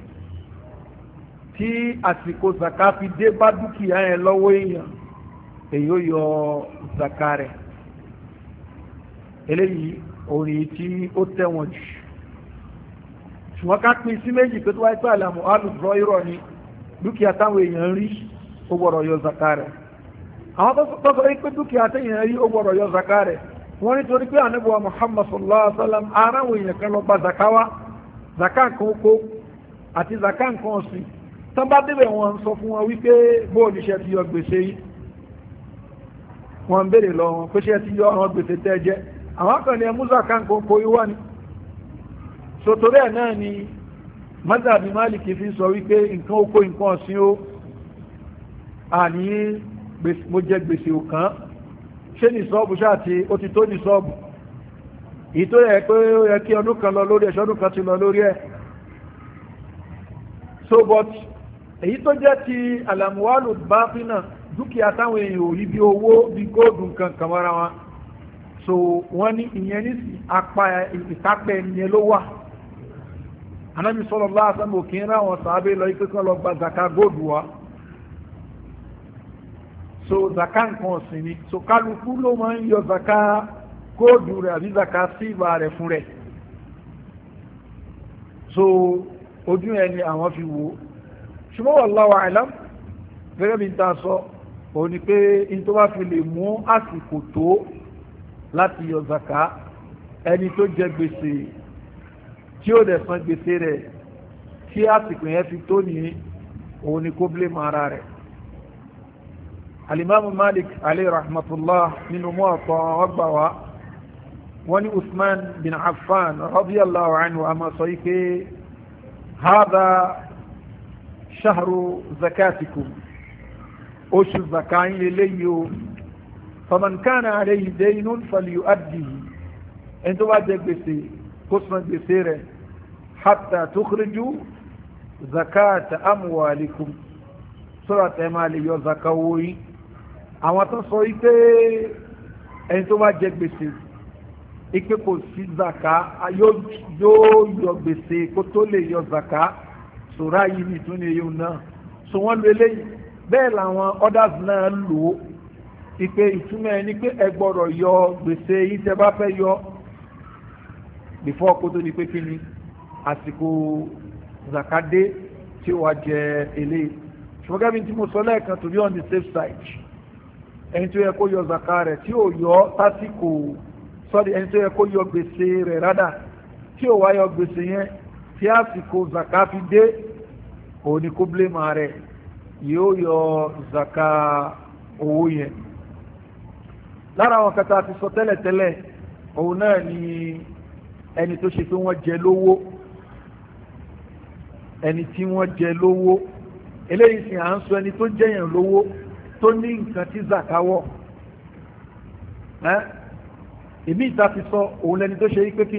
tí àsìkò zaka fi dé bá dúkìá yẹn lọ́wọ́ èèyàn èyí ó yọ zaka rẹ̀ eléyìí orin tí ó tẹ̀wọ̀n jù ṣùgbọ́n ká pín sí méjì pé tó wáyé pé àlàmù alùpùpọ̀ irọ́ ni dúkìá táwọn èèyàn rí ó gbọ́dọ̀ yọ zaka rẹ̀ àwọn tó sọ pé dúkìá téèyàn rí ó gbọ́dọ̀ yọ zaka rẹ̀ wọ́n ní torí pé ànábùwà muhammad sallallahu alaihi wa sallam aráwọ̀ èèyàn kan lọ zakawa zaka nǹkan oko àti zaka nǹkan ọ̀sìn tán bá débẹ̀ wọn sọ fún wọn wípé bóòlù iṣẹ́ ti yọ gbèsè yìí wọn béèrè lọ wọn pé ṣe ti yọ ọ̀ràn gbèsè tẹ́ jẹ́ àwọn kan ní ẹmú zaka nǹkan oko yìí wà ní sotori ẹ̀ náà ni mazhabi maliki fi sọ wípé nǹkan oko nǹkan ọ̀sìn o àní mo jẹ gbèsè òkan ṣé ní sọ́ọ̀bù ṣáà tí ó ti tó ní sọ́ọ̀bù èyí tó yẹ pé ó yẹ kí ọdún kan lọ lórí ẹ̀ṣọ́ ọdún kan ti lọ lórí ẹ̀ so but èyí tó jẹ́ ti alamuwalu báfínà dúkìá táwọn èèyàn ò rí bí owó bí góòdù nǹkan kan mọ́ra wọn so wọ́n ní ìyẹn ní apá ìkápẹ́ ìyẹn ló wà anábì sọ́lọ́ bá àtàwọn òkè ń ráwọn sàábé lọ ikú kan lọ gba zaka góòdù wa so zaka nǹkan ọ̀sìn ni so kálukú ló máa ń yọ zaka góòdù rẹ̀ àbí zaka sílva rẹ̀ fún rẹ̀ so ojú ẹ̀ ni àwọn fi wò ó ṣùgbọ́n wallahu a'lam gẹ́gẹ́ bí n ta sọ òun ni pé n tó bá fi lè mú àsìkò tó láti yọ zaka ẹni tó jẹ gbèsè tí ó dẹ̀ san gbèsè rẹ̀ tí àsìkò yẹn fi tó nìyí òun ni kó blé mọ ara rẹ̀ alimamu malik alayhi rahmatullah nínú mú ọ̀tọ̀ ọgbà wa wọ́n ní usman bin affan radiyallahu anhu a máa sọ ike hada shahru zakatikum oṣù zakayin lélẹ́yìí o faman kana alayhi daynun falyu'addihi ẹni tó bá jẹ gbèsè kó san gbèsè rẹ̀ hatta tukhriju zakata amwalikum sọ́rọ̀ tẹ́ máa lè yọ àwọn tó sọ wípé ẹni tó bá jẹ gbèsè ipe kò sí zaka yóò yọ gbèsè kó tó lè yọ zaka sòrá yìí nìtún ni èyí náà so wọ́n lo eléyìí bẹ́ẹ̀ làwọn others náà lò ó ipe ìtumọ̀ ẹ ní pé ẹ gbọ́dọ̀ yọ gbèsè yìí tẹ bá fẹ́ yọ before kó tó di pé kí àsìkò zaka dé tí ó wá jẹ eléyìí ṣùgbọ́n gẹ́gẹ́ bí tí mo sọ lẹ́ẹ̀kan to be on the safe side ẹni tó yẹ kó yọ zaka rẹ̀ tí ò yọ tásìkò sọ́dí ẹni tó yẹ kó yọ gbèsè rẹ̀ rádà tí ò wá yọ gbèsè yẹn tí àsìkò zaka fi dé òun ni kó blé ma rẹ̀ yóò yọ zaka owó yẹn lára àwọn kata ti sọ tẹ́lẹ̀tẹ́lẹ̀ òun náà ni ẹni tó ṣe pé wọ́n jẹ lówó ẹni tí wọ́n jẹ lówó eléyìí sì à ń sọ ẹni tó jẹyàn lówó tó ní nǹkan tí zakawọ́ ìmí ìta fi sọ òun lẹni tó ṣe wípé kí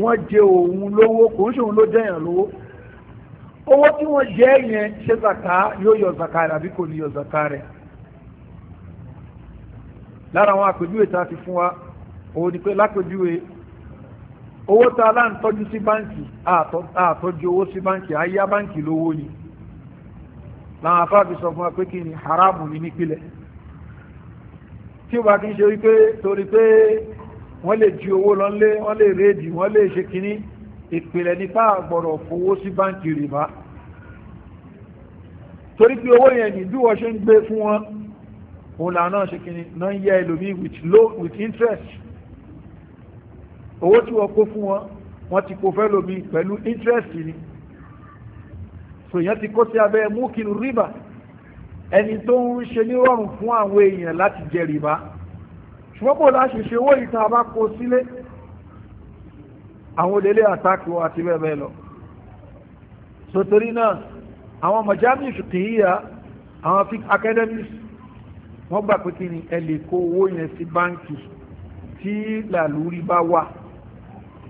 wọ́n jẹ òun lówó kò ń ṣòun ló jẹyàn lówó owó tí wọ́n jẹ yẹn ṣe zaka yóò yọ zaka rẹ̀ àbí kò ní yọ zaka rẹ̀ lára àwọn àpèjúwe tá a ti fún wa òun ni pé lápèjúwe owó tá a lá sí báǹkì àtọ́jú owó sí báǹkì àyá báǹkì lówó ni láwọn afáàbí sọ fún wa kí ni haramu ní nípìnlẹ̀ tí ó bá kí ń ṣe wípé torí pé wọ́n lè ju owó lọ́nlé wọ́n lè rédì wọ́n lè ṣe kínní ìpìlẹ̀ nípa àgbọ̀rọ̀ fowó sí báńkì rìbá torí pé owó yẹn ní bí wọ́n ṣe ń gbé fún wọn òun là náà ṣe kínní náà ń yá ẹlòmíì with low with interest owó tí wọ́n kó fún wọn wọ́n ti kó fẹ́ lòmíì pẹ̀lú interest ni èèyàn ti kó sí abẹ́ múkìlù rìbá ẹni tó ń ṣe nírọ̀rùn fún àwọn èèyàn láti jẹ rìbá ṣùgbọ́n bò láṣẹ ṣe owó ìta bá kó sílé àwọn olèlé àtàkù àti bẹ́ẹ̀ bẹ́ẹ̀ lọ sotori náà àwọn mọ̀jámì ṣùkìyà àwọn academies wọ́n gbà pé kí ni ẹ lè kó owó yẹn sí báńkì tí làlúrí bá wà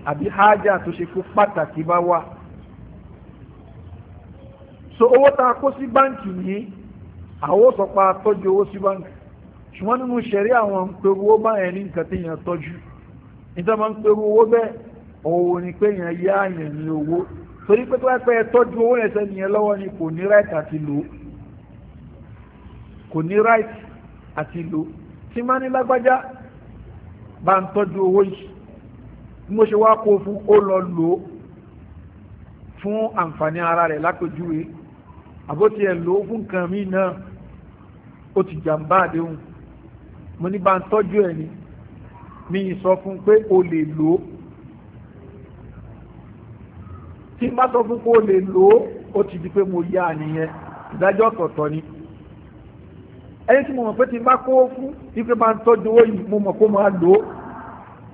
àbí hájà tó ṣe kó pàtàkì bá wà so owó tá a kó sí báǹkì yìí àwọn sọ pa tọ́jú owó sí báǹkì ṣùgbọ́n nínú ṣẹ̀rí àwọn ń pe owó báyẹn ní nǹkan tí yẹn tọ́jú níta máa ń pe owó bẹ́ẹ̀ òun ni pé yẹn yá yẹn ní owó torí pé tó pẹ́ tọ́jú owó yẹn sẹ́ni yẹn lọ́wọ́ ni kò ní right àti lò kò ní right àti lò tí máa ní lágbájá bá ń tọ́jú owó yìí mo ṣe wá kó fún ó lọ lò fún àǹfààní ara rẹ̀ lápèjúwe àbótí ẹ̀ lò ó fún nǹkan mi náà ó ti jàǹbá àdéhùn mo ní bá ń tọ́jú ẹ̀ ni mi ì sọ fún pé o lè lò ó tí n bá sọ fún pé o lè lò ó ó ti di pé mo yá nìyẹn ìdájọ́ ọ̀tọ̀ọ̀tọ̀ ni ẹni tí mo mọ̀ pé tí n bá kó fún ife bá ń tọ́jú owó yìí mo mọ̀ pé mo á lò ó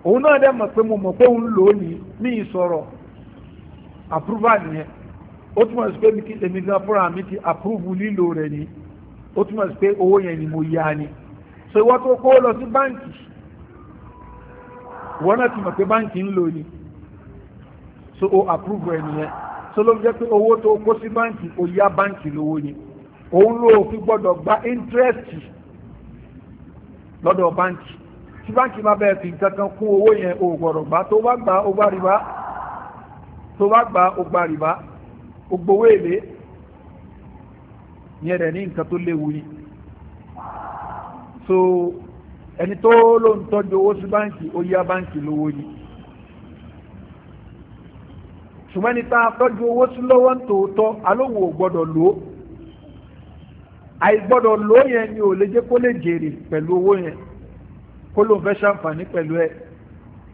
òun náà dẹ̀ mọ̀ pé mo mọ̀ pé òun lò ó ní ní ìsọ̀rọ̀ àpúrúbà nìyẹn ó túmọ̀ sí pé èmi gan fúnra mi ti àpúrúvù lílo rẹ̀ ni ó túmọ̀ sí pé owó yẹn ni mo yá ni so ìwọ́n tó kó lọ sí báǹkì ìwọ́n náà ti mọ̀ pé báǹkì ń lò ni so o àpúrúvù ẹ̀ nìyẹn so ló jẹ́ pé owó tó kó sí báǹkì o ya báǹkì lówó ni òun ló fi gbọ́dọ̀ gba interest lọ́dọ̀ báǹkì tí báǹkì máa bẹ̀rẹ̀ fi kankan kún owó yẹn o gbọ́dọ̀ gbà tó bá gbà ó gbà rìbá tó bá gbà ó gbà rìbá gbogbo owó èlé ní ẹ̀rẹ̀ ní nǹkan tó léwu ni so ẹni tó ló ń tọ́jú owó sí báǹkì ó yá báǹkì lówó ni ṣùgbọ́n ní ta tọ́jú owó sí lọ́wọ́ ń tòótọ́ alóhùn ò gbọ́dọ̀ lò ó àìgbọ́dọ̀ lò ó yẹn ni ò lè jẹ́ kó lè jèrè pẹ̀lú owó yẹn kó ló ń fẹ́ ṣàǹfààní pẹ̀lú ẹ̀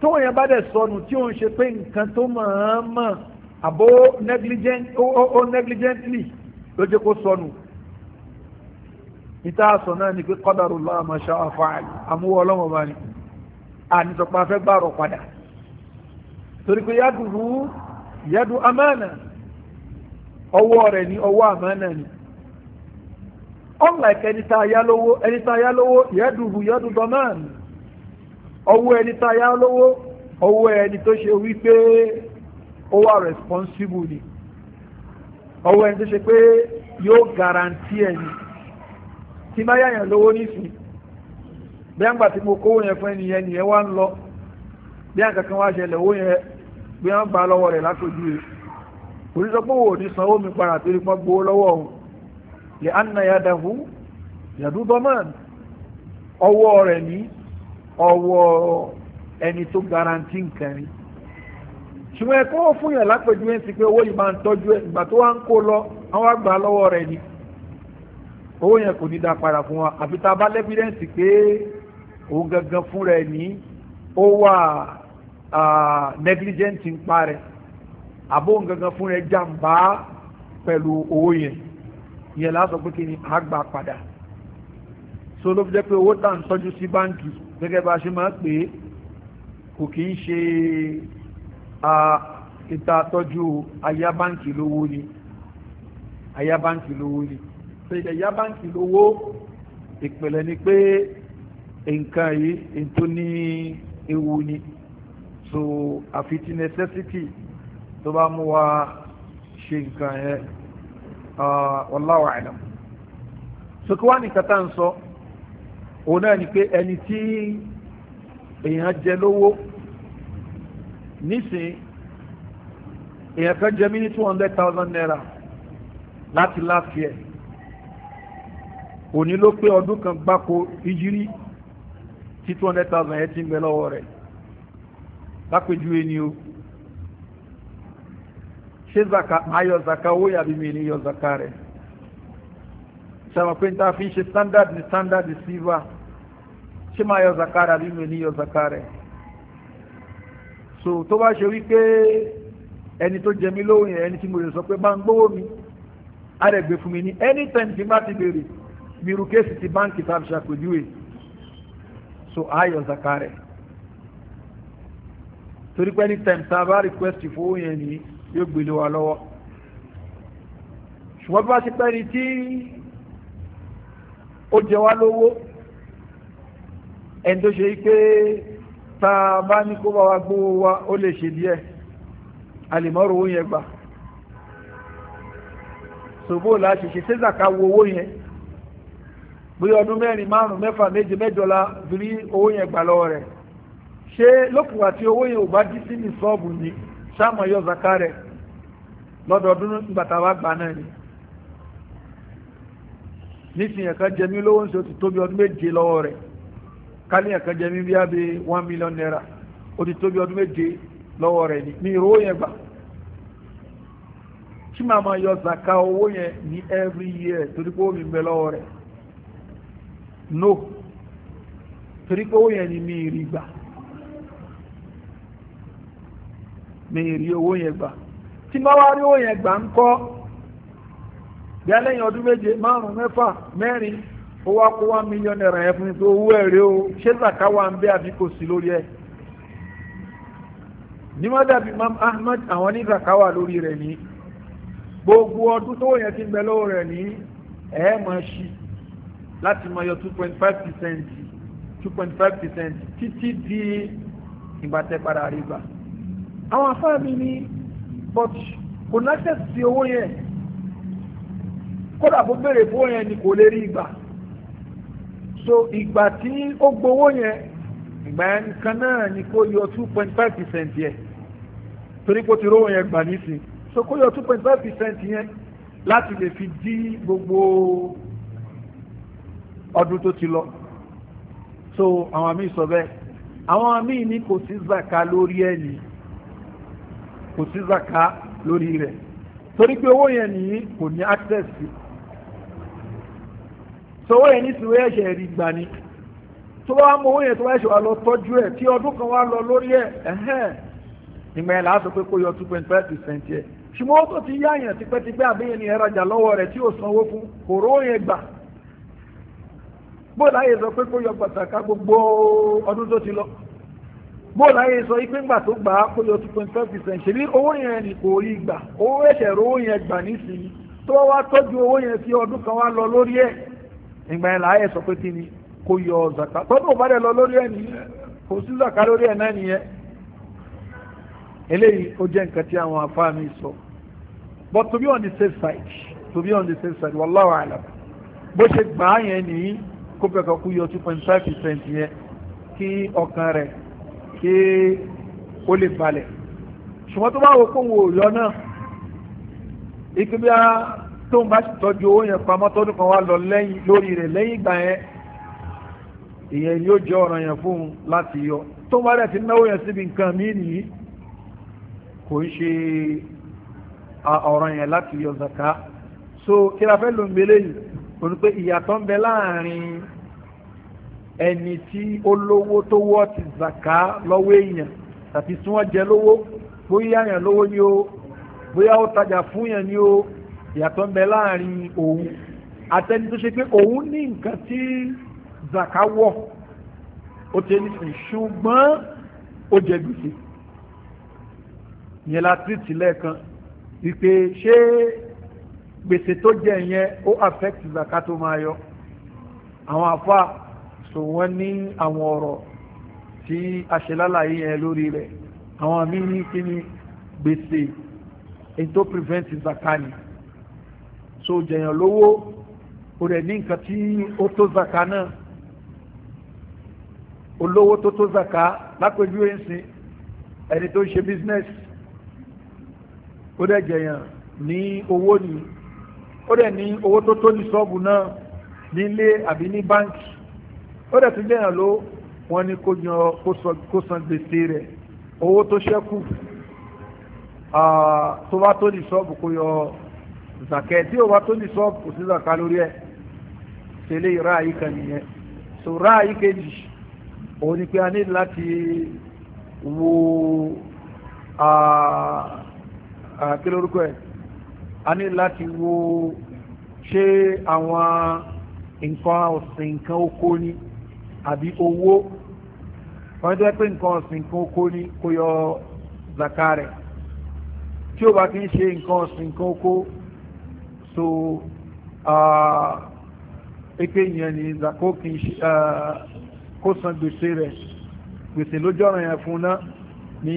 tóun yẹn bá dẹ̀ sọnù tí òun ṣe pé nǹkan tó mọ̀ ọ́n mọ̀ ọ́n Abo negligent ó negligently ló jẹ́ kó sọnù níta sọ náà ni pé kọ́dàrú lọ́wọ́ máa ṣe àfààní àmúwọ́ ọlọ́wọ́ bá ní ànitọ́pá fẹ́ bá rọ̀ padà torí pé yádùrú yádù amánà ọwọ́ rẹ̀ ní ọwọ́ amánà ni unlike ẹni tá a yá lówó ẹni tá a yá lówó yádùrú yádù dọ́mánì ọwọ́ ẹni tá a yá lówó ọwọ́ ẹni tó ṣe wípé ó wà responsible ni ọwọ́ ẹni tó ṣe pé yóò garanti ẹni tí má yàyàn lówó nísìn bí àgbà tí mo kówó yẹn fún ẹnìyẹn nìyẹn wá ń lọ bí àgbà kan wá ṣẹlẹ̀ owó yẹn bí wọ́n bá lọ́wọ́ rẹ̀ látòjú rẹ̀ orísọpọ̀wò ní sanwó mi padà torí pọ́n gbowó lọ́wọ́ ọ̀hún lè anna ya dahu yàdú bọ́mán ọwọ́ rẹ̀ ní ọwọ́ ẹni tó garanti nǹkan rí ṣùgbọ́n ẹ̀kọ́ wọ́n fún yàn lápẹ̀jú ẹ̀ sí pé owó yìí máa ń tọ́jú ẹ̀ ìgbà tó wá ń kó lọ àwọn àgbà lọ́wọ́ rẹ̀ ni owó yẹn kò ní dá padà fún wa àfi tá a bá lẹ́bírẹ́ǹsì pé òun gangan fún rẹ̀ ní ó wà negligent ń pa rẹ̀ àbó òun gangan fún rẹ̀ jàǹbá pẹ̀lú owó yẹn yẹn láti sọ pé kí ni àgbà padà so ló fi jẹ́ pé owó tá à ń tọ́jú sí báǹkì gẹ́gẹ́ bá a ṣe máa ń pè é kò kì í ṣe ìta tọ́jú ayábáǹkì lówó ni ayábáǹkì lówó ni ṣe ayábáǹkì lówó ìpìlẹ̀ ni pé nǹkan yìí ètò ní ewu ni so àfi ti necessity tó bá mú wa ṣe nǹkan yẹn wallahu a'lam so kí wá ní kata ń sọ òun náà ni pé ẹni tí èèyàn jẹ lówó nísìn èèyàn kan jẹ mí ní two hundred thousand naira láti last year òní ló pé ọdún kan gbáko ìjírí tí two hundred thousand yẹn ti ń bẹ lọ́wọ́ rẹ̀ lápèjúwe ni o ṣé zaka ayọ̀ zaka owó yàbí mi ní yọ zaka rẹ̀ sọ̀rọ̀ pé níta fi ṣe standard ní standard silver ṣé máa yọ zaka rẹ̀ àbí mi ní yọ zaka rẹ̀ so tó bá ṣe wípé ẹni tó jẹ mí lówó yẹn ẹni tí mo lè sọ pé bá ń gbówó mi á fún mi ní anytime tí n bá ti béèrè mi ru kéèsì ti báǹkì tàbí ṣàpèjúwe so ayọ̀ zaka rẹ̀ torí pé anytime tá a bá request fowó yẹn ni yóò gbélé wa lọ́wọ́ ṣùgbọ́n bí wá sí pẹ́ni tí ó jẹ wá lówó ẹni tó ṣe pé tá bá ní kó bá wa gbówó wa ó lè ṣe díẹ̀ alìmọ́rò owó yẹn gbà ṣògbó láti ṣe sẹ́zàká wo owó yẹn bí ọdún mẹ́rin márùn mẹ́fà méje mẹ́jọ la bí owó yẹn gbà lọ́wọ́ rẹ̀ ṣé lókùnwà tí owó yẹn ò bá dí sí ní sọ́ọ̀bù ni sáàmù yọ zaka rẹ̀ lọ́dọọdún gbàtà wa gbà náà ni nísìnyẹ̀ká jẹ mí lówó ń ṣe ti tóbi ọdún méje lọ́wọ́ rẹ̀ ka kan jẹ mí bí one million naira o ti tobi bí ọdún méje lọ́wọ́ rẹ̀ ni mi ìró yẹn gbà tí màá máa yọ zaka owó yẹn ní every year torí pé ó mi bẹ lọ́wọ́ rẹ̀ no torí pé owó yẹn ni mi ìrì gbà mi ìrì owó yẹn gbà tí máa wá rí owó yẹn gbà ń kọ́ bí alẹ́yìn ọdún kó wá kó wá mílíọ̀nù náírà yẹn fún mi pé owó ẹ̀rẹ́ o ṣé zaka wà ń bẹ́ àbí kò sí lórí ẹ̀ níwọ̀n dàbí Imam àwọn ní zaka wà lórí rẹ̀ ní gbogbo ọdún tó yẹn ti ń bẹ lọ́wọ́ rẹ̀ ní ẹ̀ máa ṣí láti máa yọ two point five percent two point five percent títí di ìgbà tẹ́ padà rí gbà àwọn afáàmì ní but kò náà tẹ̀sí owó yẹn kódà bó béèrè fún yẹn ni kò lè rí gbà so ìgbà tí ó gbowó yẹn ìgbà yẹn nìkan náà ni kó yọ two point five percent yẹn torí kó ti rówó yẹn gbà nísìn so kó yọ two point five percent yẹn láti lè fi dí gbogbo ọdún tó ti lọ so àwọn míì sọ bẹ́ẹ̀ àwọn míì ní kò sí zaka lórí ẹ̀ ní kò sí zaka lórí rẹ̀ torí pé owó yẹn nìyí kò ní access sọwọ́ yẹn ní tiwọ́ ẹ̀ṣẹ̀ rí gbà ni tó bá mọ owó yẹn tó bá ṣe wà lọ tọ́jú ẹ̀ tí ọdún kan wá lọ lórí ẹ̀ ẹ̀hẹ́n ìgbà yẹn láti pé kó yọ two point five percent yẹ ṣùgbọ́n ó tó ti yá yẹn tipẹ́tipẹ́ àbẹ́yẹn ni ẹ̀rajà lọ́wọ́ rẹ̀ tí sanwó fún kòró yẹn gbà bóòlù ayé sọ pé yọ pàtàkà gbogbo ọdún tó ti lọ bóòlù ayé sọ pé tó gbà á kó yọ two point five percent owó yẹn gbà owó ẹ̀ṣẹ̀ owó yẹn gbà nísìnyí ìgbà yẹn láàyè sọ pé kí ni kó yọ zaka tọ́dún òbá rẹ̀ lọ lórí ẹ̀ nìyẹn kò sí zaka lórí ẹ̀ náà eléyìí ó jẹ́ nǹkan tí àwọn afáà sọ but to be on the safe side to be on the safe side wallahu alam bó ṣe gbà á yẹn nìyí kó bẹ̀rẹ̀ kú yọ two point five percent yẹn kí ọkàn rẹ̀ kí ó lè balẹ̀ ṣùgbọ́n tó bá wo kó wo yọ náà ìpínlẹ̀ tó ń bá sì tọ́jú owó yẹn pamọ́ tọ́dún kan wá lọ lẹ́yìn lórí rẹ̀ lẹ́yìn ìgbà yẹn ìyẹn yóò jẹ́ ọ̀ràn yẹn fún un láti yọ tó ń bá rẹ̀ ti náwó yẹn síbi nǹkan míì nìyí kò ń ṣe ọ̀ràn yẹn láti yọ zaka so kí la fẹ́ ló ń gbélé yìí kò ní pé ìyàtọ̀ ń bẹ láàrin ẹni tí ó lówó tó wọ́ ti zaka lọ́wọ́ èèyàn àti tí wọ́n jẹ lówó bóyá yẹn lówó ni o bóyá ó tajà fún yẹn ni o ìyàtọ̀ ń bẹ láàrin òun àtẹni tó ṣe pé òun ní nǹkan tí zaka wọ̀ ó ti ní sìn ṣùgbọ́n ó jẹ gbèsè yẹn la tírìtì lẹ́ẹ̀kan wípé ṣé gbèsè tó jẹ yẹn ó affect zaka tó máa yọ àwọn àfa sọ wọ́n ní àwọn ọ̀rọ̀ tí a ṣe lálàyé yẹn lórí rẹ̀ àwọn mímí kí ni gbèsè èyí tó prevent zaka ni so jẹyàn lówó o rẹ̀ ní nǹkan tí ó tó zaka náà olówó tó tó zaka lápẹjú ẹ̀sìn ẹni tó ń ṣe bísínẹ́sì ó dẹ̀ jẹyàn ní owó ni ó dẹ̀ ní owó tó tó ní sọ́ọ̀bù náà nílé àbí ní báńkì ó dẹ̀ tún jẹyàn ló wọ́n ní kó san gbèsè rẹ̀ owó tó ṣẹ́kù tó bá tó ní sọ́ọ̀bù kó yọ ọ́ zakẹ́ tí ó wá tó ní sọ́ọ̀bù kò sí zaka lórí ẹ̀ tẹ̀lé ráàyí kan nìyẹn so ráàyí kejì òun ni pé a ní láti wo kí lórúkọ ẹ̀ a ní láti wo ṣé àwọn nǹkan ọ̀sìn nǹkan oko ni àbí owó wọ́n jẹ́ pé nǹkan ọ̀sìn nǹkan oko ni kò yọ zaka rẹ̀ tí ó bá ti ń ṣe nǹkan ọ̀sìn nǹkan oko so pépé uh, yẹn ni zako kì í ṣe uh, kó san gbèsè rẹ̀ gbèsè lójú ọ̀ràn yẹn fún náà ní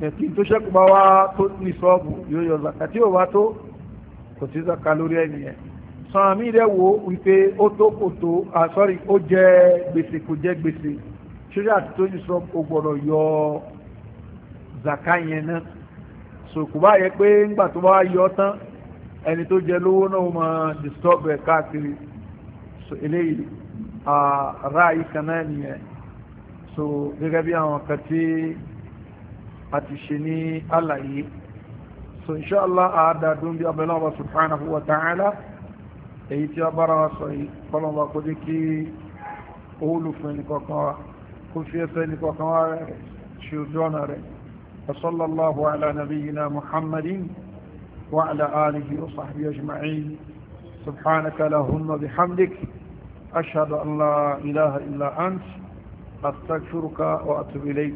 ẹ̀tí tó ṣẹ́kù bá wá tó ní sọ́ọ̀bù yóò yọ zaka tí ò bá tó kò sí zaka lórí ẹni yẹn san àmì rẹ̀ wo wípé ó tó kò tó àsọ́rí ah, ó jẹ gbèsè kò jẹ gbèsè ṣóṣà àti tó ní sọ́ọ̀bù ó gbọ́dọ̀ yọ zaka yẹn náà so yẹ pé ńgbà tó bá yọ tán ẹni tó jẹ lówó náà ma disturb ẹ káàkiri so eléyìí ráàyè kan náà nìyẹn so gẹ́gẹ́ bí àwọn kan tí a ti ṣe ní àlàyé so inshallah àádádún bí abẹ́lọ́wọ́ subhanahu wa ta'ala èyí tí a bára wa sọ yìí kọlọ̀wọ́ kó dé kí olùfẹ́ nìkọ̀kan wa kó fi ẹsẹ̀ nìkọ̀kan wa rẹ̀ ṣe ojú ọ̀nà rẹ̀ wa sallallahu ala nabiyyina muhammadin وعلى آله وصحبه أجمعين سبحانك لهم بحمدك أشهد أن لا إله إلا أنت أستغفرك وأتوب إليك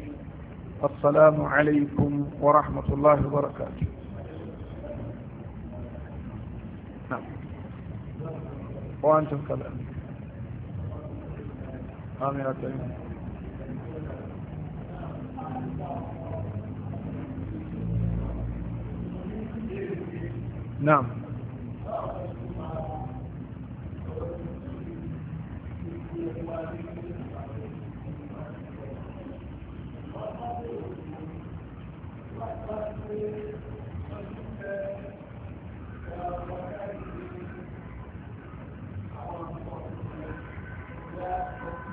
السلام عليكم ورحمة الله وبركاته نعم وأنتم كذلك آمين Naam. Thank you.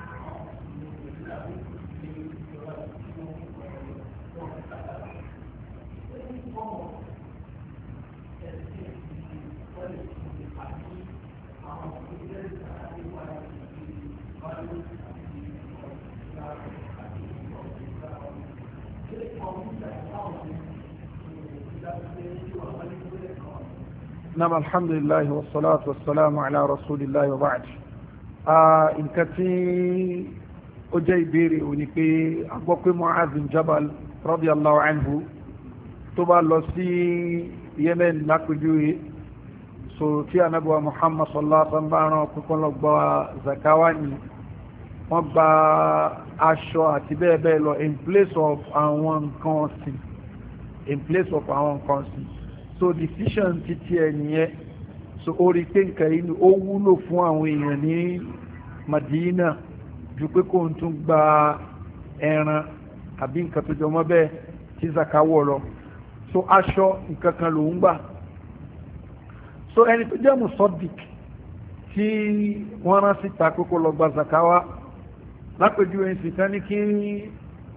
nam alhamdulilayi wasalaatu wasalaamu ala rasulilayi wa baadi nǹkan tí ó jẹ́ ìbéèrè òní pé a gbọ́ pé Mu'adh bin Jabal radiyallahu anhu tó bá lọ sí Yemen lápèjúwe so tí anábọ̀wà Muhammad sallallahu alaihi wasallam gba zakawa ni wọ́n gba aṣọ àti bẹ́ẹ̀ bẹ́ẹ̀ lọ in place of àwọn nǹkan ọ̀sìn in place of àwọn nǹkan ọ̀sìn so decision ti tiẹ̀ nìyẹn so ó rí pé nǹkan yìí ó wúlò fún àwọn èèyàn ní Madina ju pé kó n tún gba ẹran àbí nǹkan tó jọmọ́ bẹ́ẹ̀ tí zakawa lọ so aṣọ nǹkan kan ló gbà so ẹni tó jẹ́ musodik tí wọ́n rán síta kókó lọ gba zakawa lápèjúwe ń sìnkán ní kí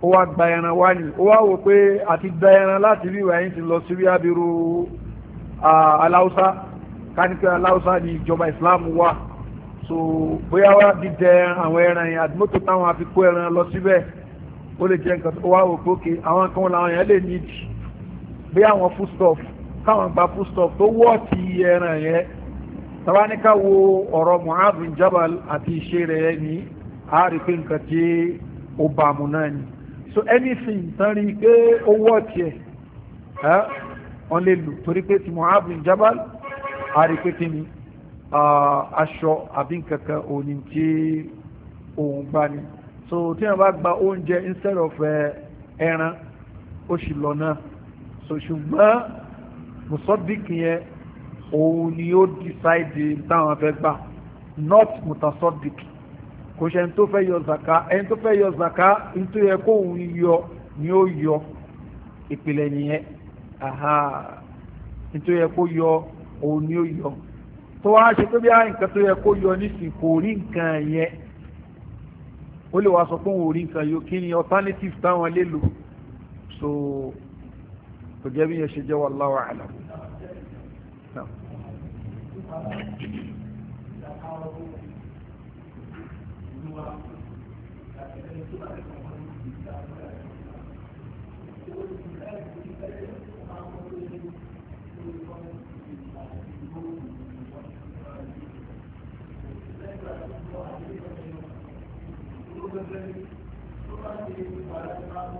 ó wá gba ẹran wá ní ó wá wò pé àti gba ẹran láti rí ìwà yín ti lọ sí abiru aláùsá ká ní pé aláùsá ni ìjọba ìsìláàmù wà so bóyá wá dídẹ àwọn ẹran yẹn àdìmọ́tò táwọn afi kó ẹran lọ síbẹ̀ ó lè jẹ́ nǹkan tó wá wò pé òkè àwọn kan làwọn yẹn lè nídìí bóyá àwọn foodstuff káwọn gba full stop tó wọ́ ti ẹran yẹn tabaníká wo ọ̀rọ̀ Mu'adh bin Jabal àti iṣẹ́ rẹ̀ yẹn ni a rí pé nǹkan tí ó bá mu náà ni so anything tán rí i pé ó wọ́ tiẹ̀ wọ́n lè lò torí pé ti Mu'adh bin Jabal a rí pé kí ni aṣọ àbí nǹkan kan òní tí òun gbá ni so tí wọn bá gba oúnjẹ instead of ẹran ó sì lọ náà so ṣùgbọ́n mùsọ́díkì yẹn òun ni ó dìsáìdì táwọn fẹ́ gbà not mutasọ́díkì kò ṣe ẹni tó fẹ́ yọ zaka ẹni tó fẹ́ yọ zaka ní tó yẹ kóun yọ ni ó yọ ìpìlẹ̀ nìyẹn ní tó yẹ kó yọ òun ni ó yọ tó wá ṣe pé bí á nǹkan tó yẹ kó yọ nísìn kò rí nǹkan yẹn ó lè wá sọ pé òun ò rí nǹkan yọ kí ni alternative táwọn lè lò so فجميع شجاء والله أعلم Thank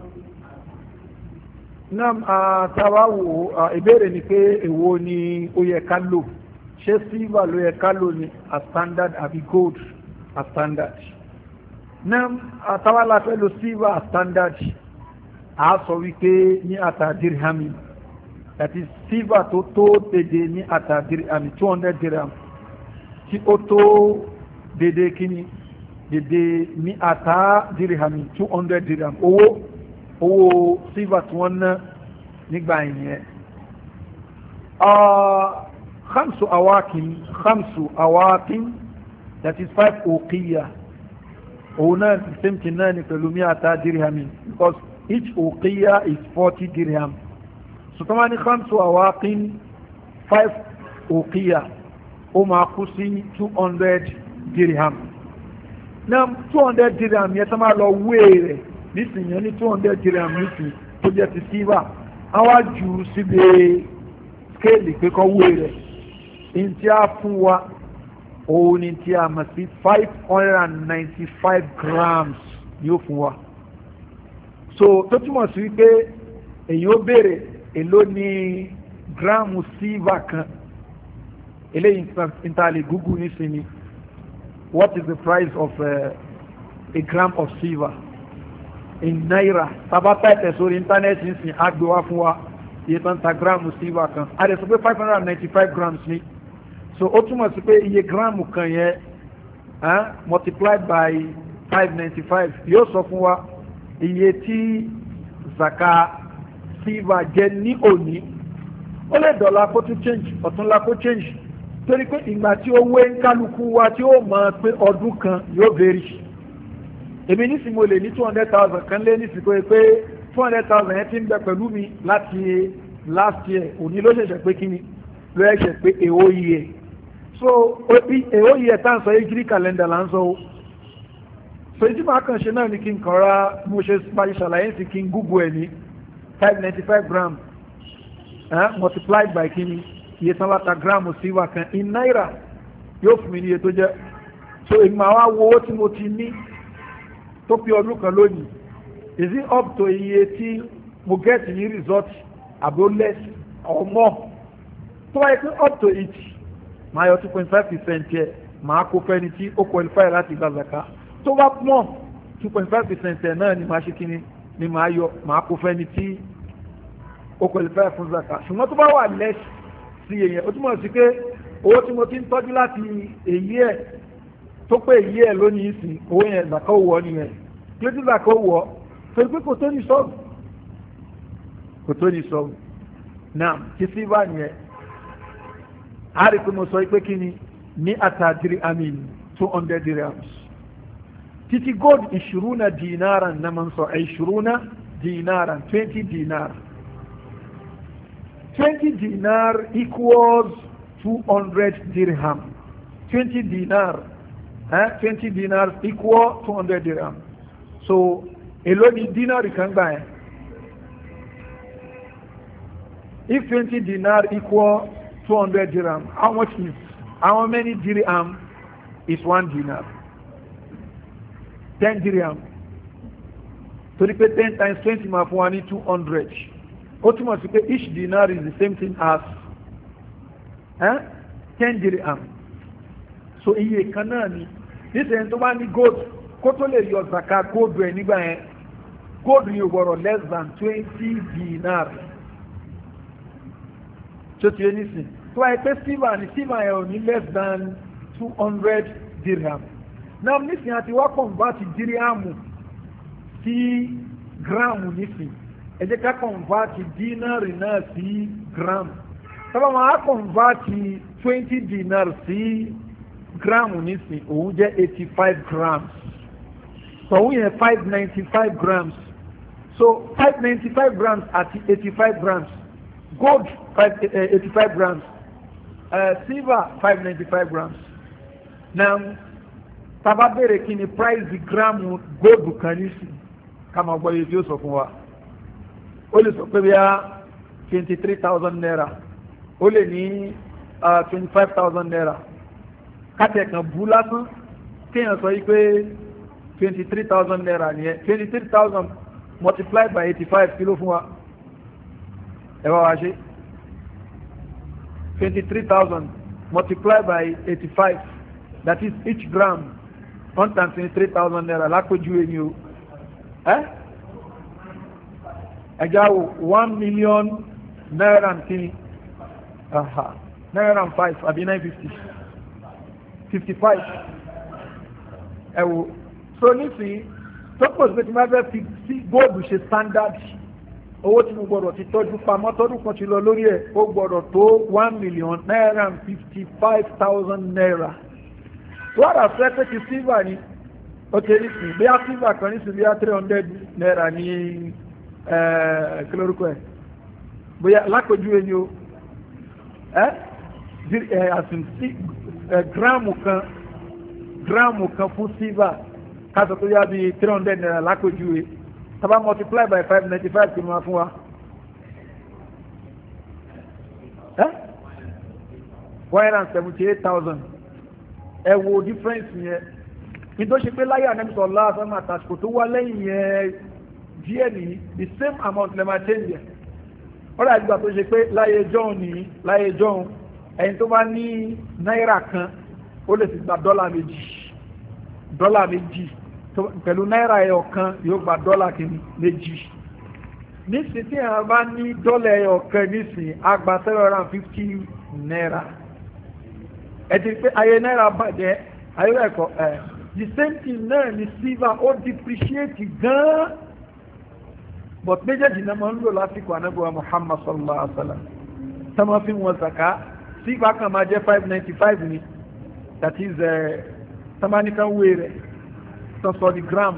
نعم. *laughs* you. nam àtàwáwò ìbéèrè ni pé èwo ni ó yẹ ká lò ṣé silver ló yẹ ká lò ní a standard àbí gold a standard nam atawala fẹ́ lo silver a standard a sọ wípé ní ata dirhami àti silver tó tó dédé ní ata dirhami two hundred dirham tí ó tó dédé kíni dédé ní ata dirhami two hundred dirham owó owó sílvà tí wọ́n ná nígbà yẹn khamsu awakin khamsu awakin that is five okiya òun náà same thing náà ni pẹ̀lú mi àta dirhami because each okiya is forty dirham sùtọ́mọ́ ní khamsu awakin five okiya ó máa kú sí two hundred dirham náà two hundred dirham yẹn tó máa lọ wéèrè nísìnyẹn ní two hundred dirham nísìn tó jẹ́ ti silver àwa jù ú síbi skéèlì pé kọ́ wúwe rẹ̀ ní a fún wa òun ni tí a mọ̀ sí five hundred and ninety five grams yóò fún wa so tó túmọ̀ sí wípé èyí ó béèrè èló ní gíráàmù silver? kan eléyìí ìtàlẹ̀ gúgú nísìnyí what is the price of uh, a gram of silver náírà tàbá tàìtẹ̀ sórí íńtánẹ́ẹ̀tì ń sìn àgbè wá fún wa iye tán ta gíráàmù sí ìwà kan a lè sọ pé five hundred ninety five grams ni so ó túmọ̀ sí pé iye gíráàmù kan yẹn multiplied by five ninety five yóò sọ fún wa iye tí zaka silver jẹ ní òní ó lè dọ̀la kó tún change ọ̀túnla kó change torí pé ìgbà tí owó ń kálukú wa tí ó mọ̀ pé ọdún kan yóò bẹ̀rẹ̀ èmi ní sinmi o lè ní two hundred thousand kan lé ní sìnkú yẹn pé two hundred thousand yẹn ti ń bẹ pẹ̀lú mi láti last year òní ló ṣẹ̀ṣẹ̀ pé kí ni ló ṣẹ̀ṣẹ̀ pé èwo yìí so èwo yìí tá à ń sọ ìjírí kàlẹ́ndà là ń sọ o so ìdí máa náà ni kí n kàn mo ṣe parí ṣàlàyé sí kí n google ẹ̀ ní five ninety five gram eh, multiplied by kí ni iye tán láta gram sí wa kan in náírà yóò fún mi ní iye tó jẹ́ so èmi máa wá wo owó tí mo ti ní tó pé ọdún kan lónìí is it up to iye tí mo get ní result àbó less or more tó wáyé pé up to it máa yọ two point five percent yẹ máa kó fẹ́ni tí ó qualify láti gba zaka tó bá pọ̀ two point five percent yẹ náà ni máa ṣe kíni ni máa yọ máa kó fẹ́ni tí ó qualify fún zaka ṣùgbọ́n tó bá wà less sí èyàn ó túmọ̀ sí pé owó tí mo ti ń tọ́jú láti èyí ẹ̀ tó pé èyí ẹ̀ lónìí sí owó yẹn zaka ò wọ́ nìyẹn clótìbà kan wọ̀ torí pé kò tó ní sọ́ọ̀bù kò tó ní sọ́ọ̀bù náà kí sí bá nìyẹn a rí pé mo sọ pé kí ni ní àtàdírí amin two hundred dirhams títí gold ìṣirúnà dìnnára na máa ń sọ ìṣirúnà dìnnára twenty dìnnára twenty dinar equals two hundred dirham twenty dinar eh? twenty dinar equals two hundred dirham so èló ni dínárì kan gbà yẹn if twenty dinar equal two hundred dirham how much is how many dirham is one dinar ten dirham torí pé ten times twenty máa fún wa ní two hundred ó túmọ̀ sí pé each dinar is the same thing as eh? ten dirham so iye kan náà ni nísìnyí tó bá ní gold kó tó lè yọ zaka góòdù ẹ̀ nígbà yẹn góòdù yìí wọ̀rọ̀ less than twenty dinar tó ti yé nísìn tó wáyé pé silver ni silver yẹn ò ní less than two hundred dirham náà nísìn àti wá convert dirham sí gíráàmù nísìn ẹ jẹ́ ká convert dinar náà sí gíráàmù sábà máa convert twenty dinar sí gíráàmù nísìn òun jẹ́ eighty five grams tọ̀hún yẹn five ninety five grams so five ninety five grams àti eighty five grams gold five eh, eh, eighty five grams uh, silver five ninety five grams na taba bere kí ni price gram gold kan ní sí ká máa gbọ́ iye tí ó sọ fún wa ó lè sọ pé bí a twenty three thousand naira ó lè ní twenty five thousand naira kátẹ̀kàn bú lásán kéèyàn sọ yìí pé. 23,000 naira nìyẹn 23,000 multiplied by 85 kilo fún wa ẹ bá wa ṣe 23,000 multiplied by 85 that is each gram 123,000 naira lápèjú ẹni o ẹ ẹja wo 1 million naira and kini naira and five àbí 950 55 ẹ wo so nísìnyí tó pọ̀ sí pé tí wọ́n fẹ́ fi sí góòlù ṣe standard owó tí mo gbọ́dọ̀ ti tọ́jú pamọ́ tọ́dún kan ti lọ lórí ẹ̀ ó gbọ́dọ̀ tó one million naira and fifty five thousand naira wàrà sẹ́pẹ́ ti silver ni ó ti rí sí bí a silver kan ní sí bí a three hundred naira ní eh, kí lórúkọ ẹ̀ bóyá lápẹjú ẹni o ẹ́ eh? àsìntí eh, gíráàmù kan gíráàmù kan fún silver káṣọ tó yá bí three hundred naira lápèjúwe Taba multiply by five ninety five kìí máa fún wa. one hundred and seventy eight thousand ẹ wo difference yẹn nítorí ṣe pé láyé ànẹ́mísọ̀ láàfẹ́ máa tàṣkò tó wá lẹ́yìn yẹn díẹ̀ ní the same amount lè máa change yẹn ọ̀rọ̀ àgbà tó ṣe pé láyé john ní láyé john ẹni tó bá ní náírà kan ó lè sì gba dọ́là méjì dọ́là méjì pẹ̀lú náírà ẹyọ kan yóò gba dọ́là kìíní méjì nísìnyí tí a bá ní dọ́là ẹyọ kan nísìnyí a gba seven hundred and fifty náírà ẹ pé ayé náírà bàjẹ́ ayé ẹ̀kọ́ ẹ̀ the same thing náà ni silver ó depreciate gan-an but méjèèjì náà máa ń lò lásìkò anábíwá Muhammad sallallahu alaihi wa sallam tá máa fi wọn zaka silver kan máa jẹ́ five ninety five ni that is tamanika wé rẹ̀ tán sọ di gram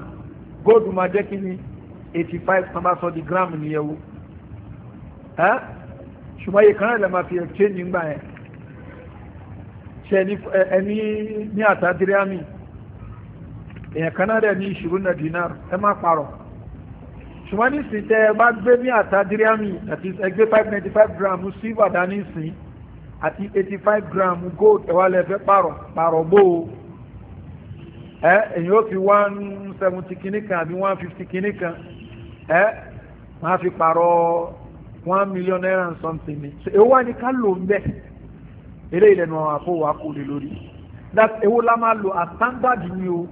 góòdù máa jẹ́ kí ni eighty five tán bá sọ di gram nìyẹn o ẹ́ ṣùgbọ́n iye kan náà lè máa fi exchange ńgbà yẹn ṣe ẹni ní àtàdíríàmì èèyàn kan náà rẹ̀ ní ìṣirò náà dinar ẹ má parọ̀ ṣùgbọ́n nísìnyí tẹ́ ẹ bá gbé ní àtàdíríàmì àti ẹgbẹ́ five ninety five gram silver dání sìn àti eighty five gram gold ẹ wá lẹ fẹ́ parọ̀ parọ̀ bó o ẹ èyí ó fi one seventy kìíní kan àbí one fifty kìíní kan ẹ máa fi pààrọ̀ one million naira and something ni so èwo wá ní ká lò ń bẹ eré ìlẹ̀nu àwọn àpòwò akóle lórí that èwo la máa lò as standard ni o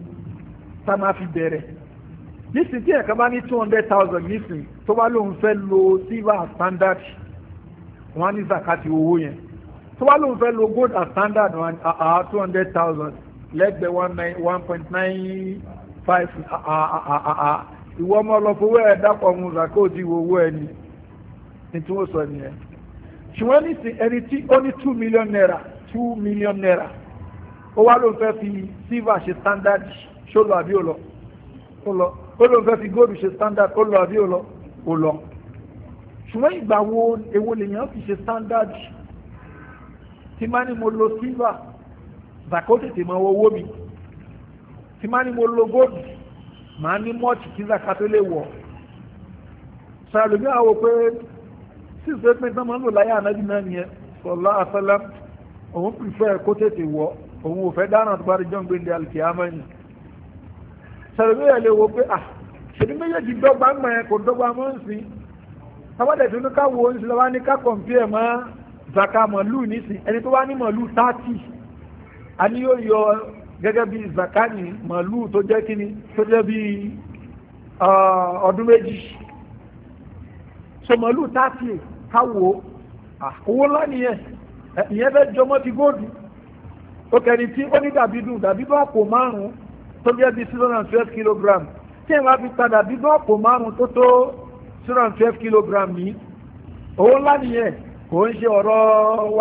tá máa fi bẹ̀rẹ̀ nísìnyí tí ẹ̀ka bá ní two hundred thousand nísìnyí tó bá lóun fẹ́ lo silver as standard wọ́n á ní zakati owó yẹn tó bá lóun fẹ́ lo gold as standard wọ́n á two hundred thousand lẹ́gbẹ̀ẹ́ one nine one point nine five ah, ah, ah, ìwọ ọmọ ọlọ́fowó ẹ̀ dápọ̀ ọmọ zaka ó ti wo owó ẹ ni ní tí wọ́n sọ nìyẹn ṣùgbọ́n ní ti ẹni tí ó ní two million naira two million naira ó wá ló ń fẹ́ fi silver ṣe standard ṣó lọ àbí ó lọ ó lọ ó ló ń fẹ́ fi góòlù ṣe standard ó lọ àbí ó lọ ó lọ ṣùgbọ́n ìgbà wo èwo lèèyàn fi ṣe standard tí má ní mo lo silver zaka ó tètè mọ owó mi tí má ní mo lo góòlù màá ní mọ́ọ̀tì kí zaka tó lè wọ̀ ṣàlùmí àwọn pé six statement náà máa ń láyé ànábì náà nìyẹn sọlá àṣálá òun prefer kó tètè wọ̀ òun ò fẹ́ dáná tó bá rí john gbendé alkiyama ni ṣàlùmí ẹ̀ lè wo pé ah ṣèlú méjèèjì dọ́gba ń mọ̀ ẹ̀ kò dọ́gba mọ́ ń sìn tábàdẹ̀tì ní ká wo ń sìn lọ́wọ́ ní ká compare mọ́ zaka màlúù nísìn ẹni tó wá ní màlúù thirty a ní yóò yọ gẹ́gẹ́ bí zakani màálù tó jẹ́ kíní tó jẹ́ bí ọdún méjì so màálù tààtì káwò owó ńlá nìyẹn ìyẹn bẹ́ẹ̀ jọmọ́ ti góòdù ó kẹ́ni tí ó ní dàbí dùn dàbí bá àpò márùn-ún tó jẹ́ bí six hundred kilogram tí ìwà fi padà bí bá àpò márùn-ún tó tó six hundred and ní owó ńlá nìyẹn kò ń ṣe ọ̀rọ̀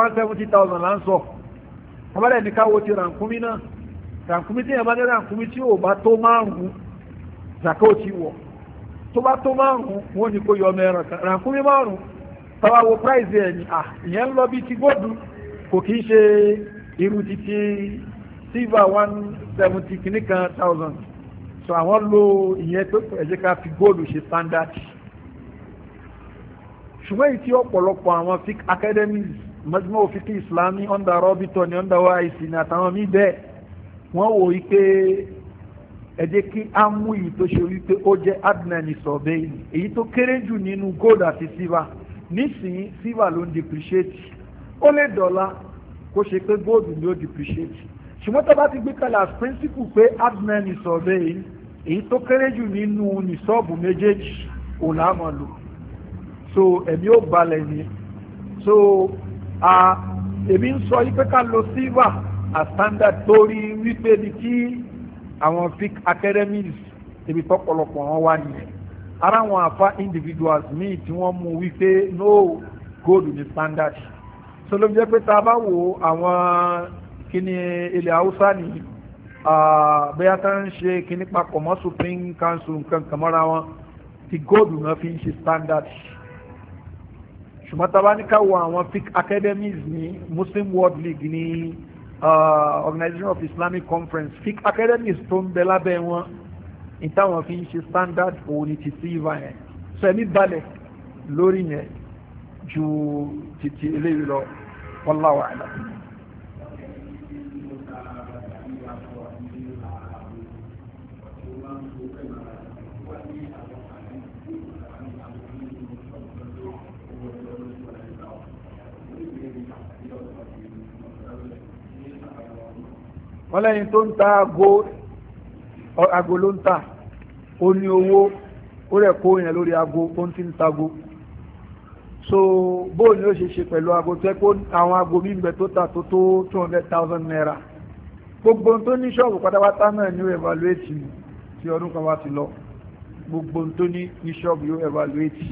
one seventy thousand là abẹ́rẹ́ ní káwo ti rànkúmí náà rànkúmí tí yẹn bá ní rànkúmí tí ò bá tó márùn-ún zaka ò ti wọ̀ tó bá tó márùn-ún wọn ni kò yọ ọmọ ẹran kan rànkúmí márùn-ún tọ́wọ́ wo price ẹ̀ ní ìyẹn ń lọ bí ti góòdù kò kí ń ṣe irú títí silver one seventy kìíní kan thousand so àwọn lo ìyẹn tó ẹ̀jẹ̀ ká fi góòdù ṣe standard ṣùgbọ́n èyí tí ọ̀pọ̀lọpọ̀ àwọn fic academies mọ́júmọ́ òfìkì islami under robito ni under wise ni àtàwọn mí bẹ́ẹ̀ wọ́n wò yí pé ẹ jẹ́ kí á mú èyí tó ṣe wípé ó jẹ́ adnan sọ̀bẹ́ èyí tó kéré jù nínú gold àti silver nísìnyí silver ló ń depreciate ó lè dọ́là kó ṣe pé gold ni ó depreciate ṣùgbọ́n tó bá ti gbé kalẹ̀ as principle pé adnan sọ̀bẹ́ èyí tó kéré jù nínú nìṣọ́ọ̀bù méjèèjì ò lámọ̀ lò so ẹ̀mí ò balẹ̀ ni so a èmi ń sọ yìí pé ká lo silver as standard torí wípé ibi tí àwọn fic academies ibi tọ́pọ̀lọpọ̀ wọn wá nìyẹn ara àwọn àfa individuals míì tí wọ́n mú wípé no gold ni standard so ló jẹ́ pé tá a bá wo àwọn kíni ilẹ̀ haúsá ni bóyá tá ń ṣe kíní papọ̀ mọ́ supreme council nǹkan kan mọ́ra wọn ti gold náà fi ń ṣe standard ṣùgbọ́n tá a bá ní ká wo àwọn fiqh academies ní muslim world league ní uh, organization of islamic conference fiqh academies tó ń bẹ lábẹ́ wọn ní táwọn fi ń ṣe standard òun ni títí ìwà yẹn sọ ẹ̀mí balẹ̀ lórí yẹn ju títí eléyìí lọ wallahu a'lam. wọ́n lẹ́yìn tó ń ta ago ló ń ta ó ní owó ó rẹ̀ kó yẹn lórí ago ó ń ti ń tago so bóò ni ó ṣe ṣe pẹ̀lú ago tó yẹ kó àwọn ago mi bẹ tó ta tó tó two hundred thousand naira gbogbo tó ní ṣọ́ọ̀bù pátápátá náà ni ó evaluate tí ọdún kan bá ti lọ gbogbo tó ní ní ṣọ́ọ̀bù yóò evaluate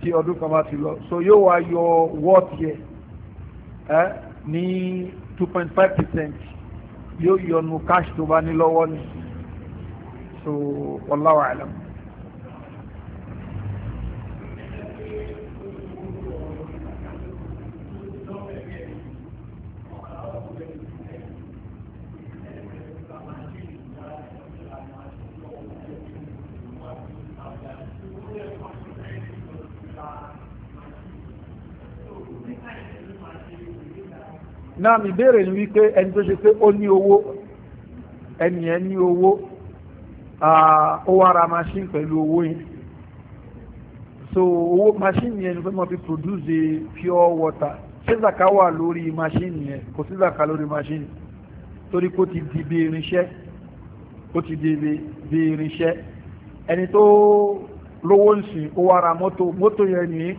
tí ọdún kan bá ti lọ so yóò wá yọ wọ́ọ̀tì ẹ̀ ní two point five percent yóò yọnu káṣí tó bá ní lọ́wọ́ ni so wallahu náà mi béèrè ní wípé ẹni tó ṣe pé ó ní owó ẹni ẹ ní owó ó wá machine pẹ̀lú owó yẹn so owó machine yẹn ni pé wọ́n fi produce pure water ṣé zaka wà lórí machine yẹn kò sí zaka lórí machine torí kó ti di bí irinṣẹ́ ó ti di bí irinṣẹ́ ẹni tó lówó ń sìn ó wá mọ́tò mọ́tò yẹn ni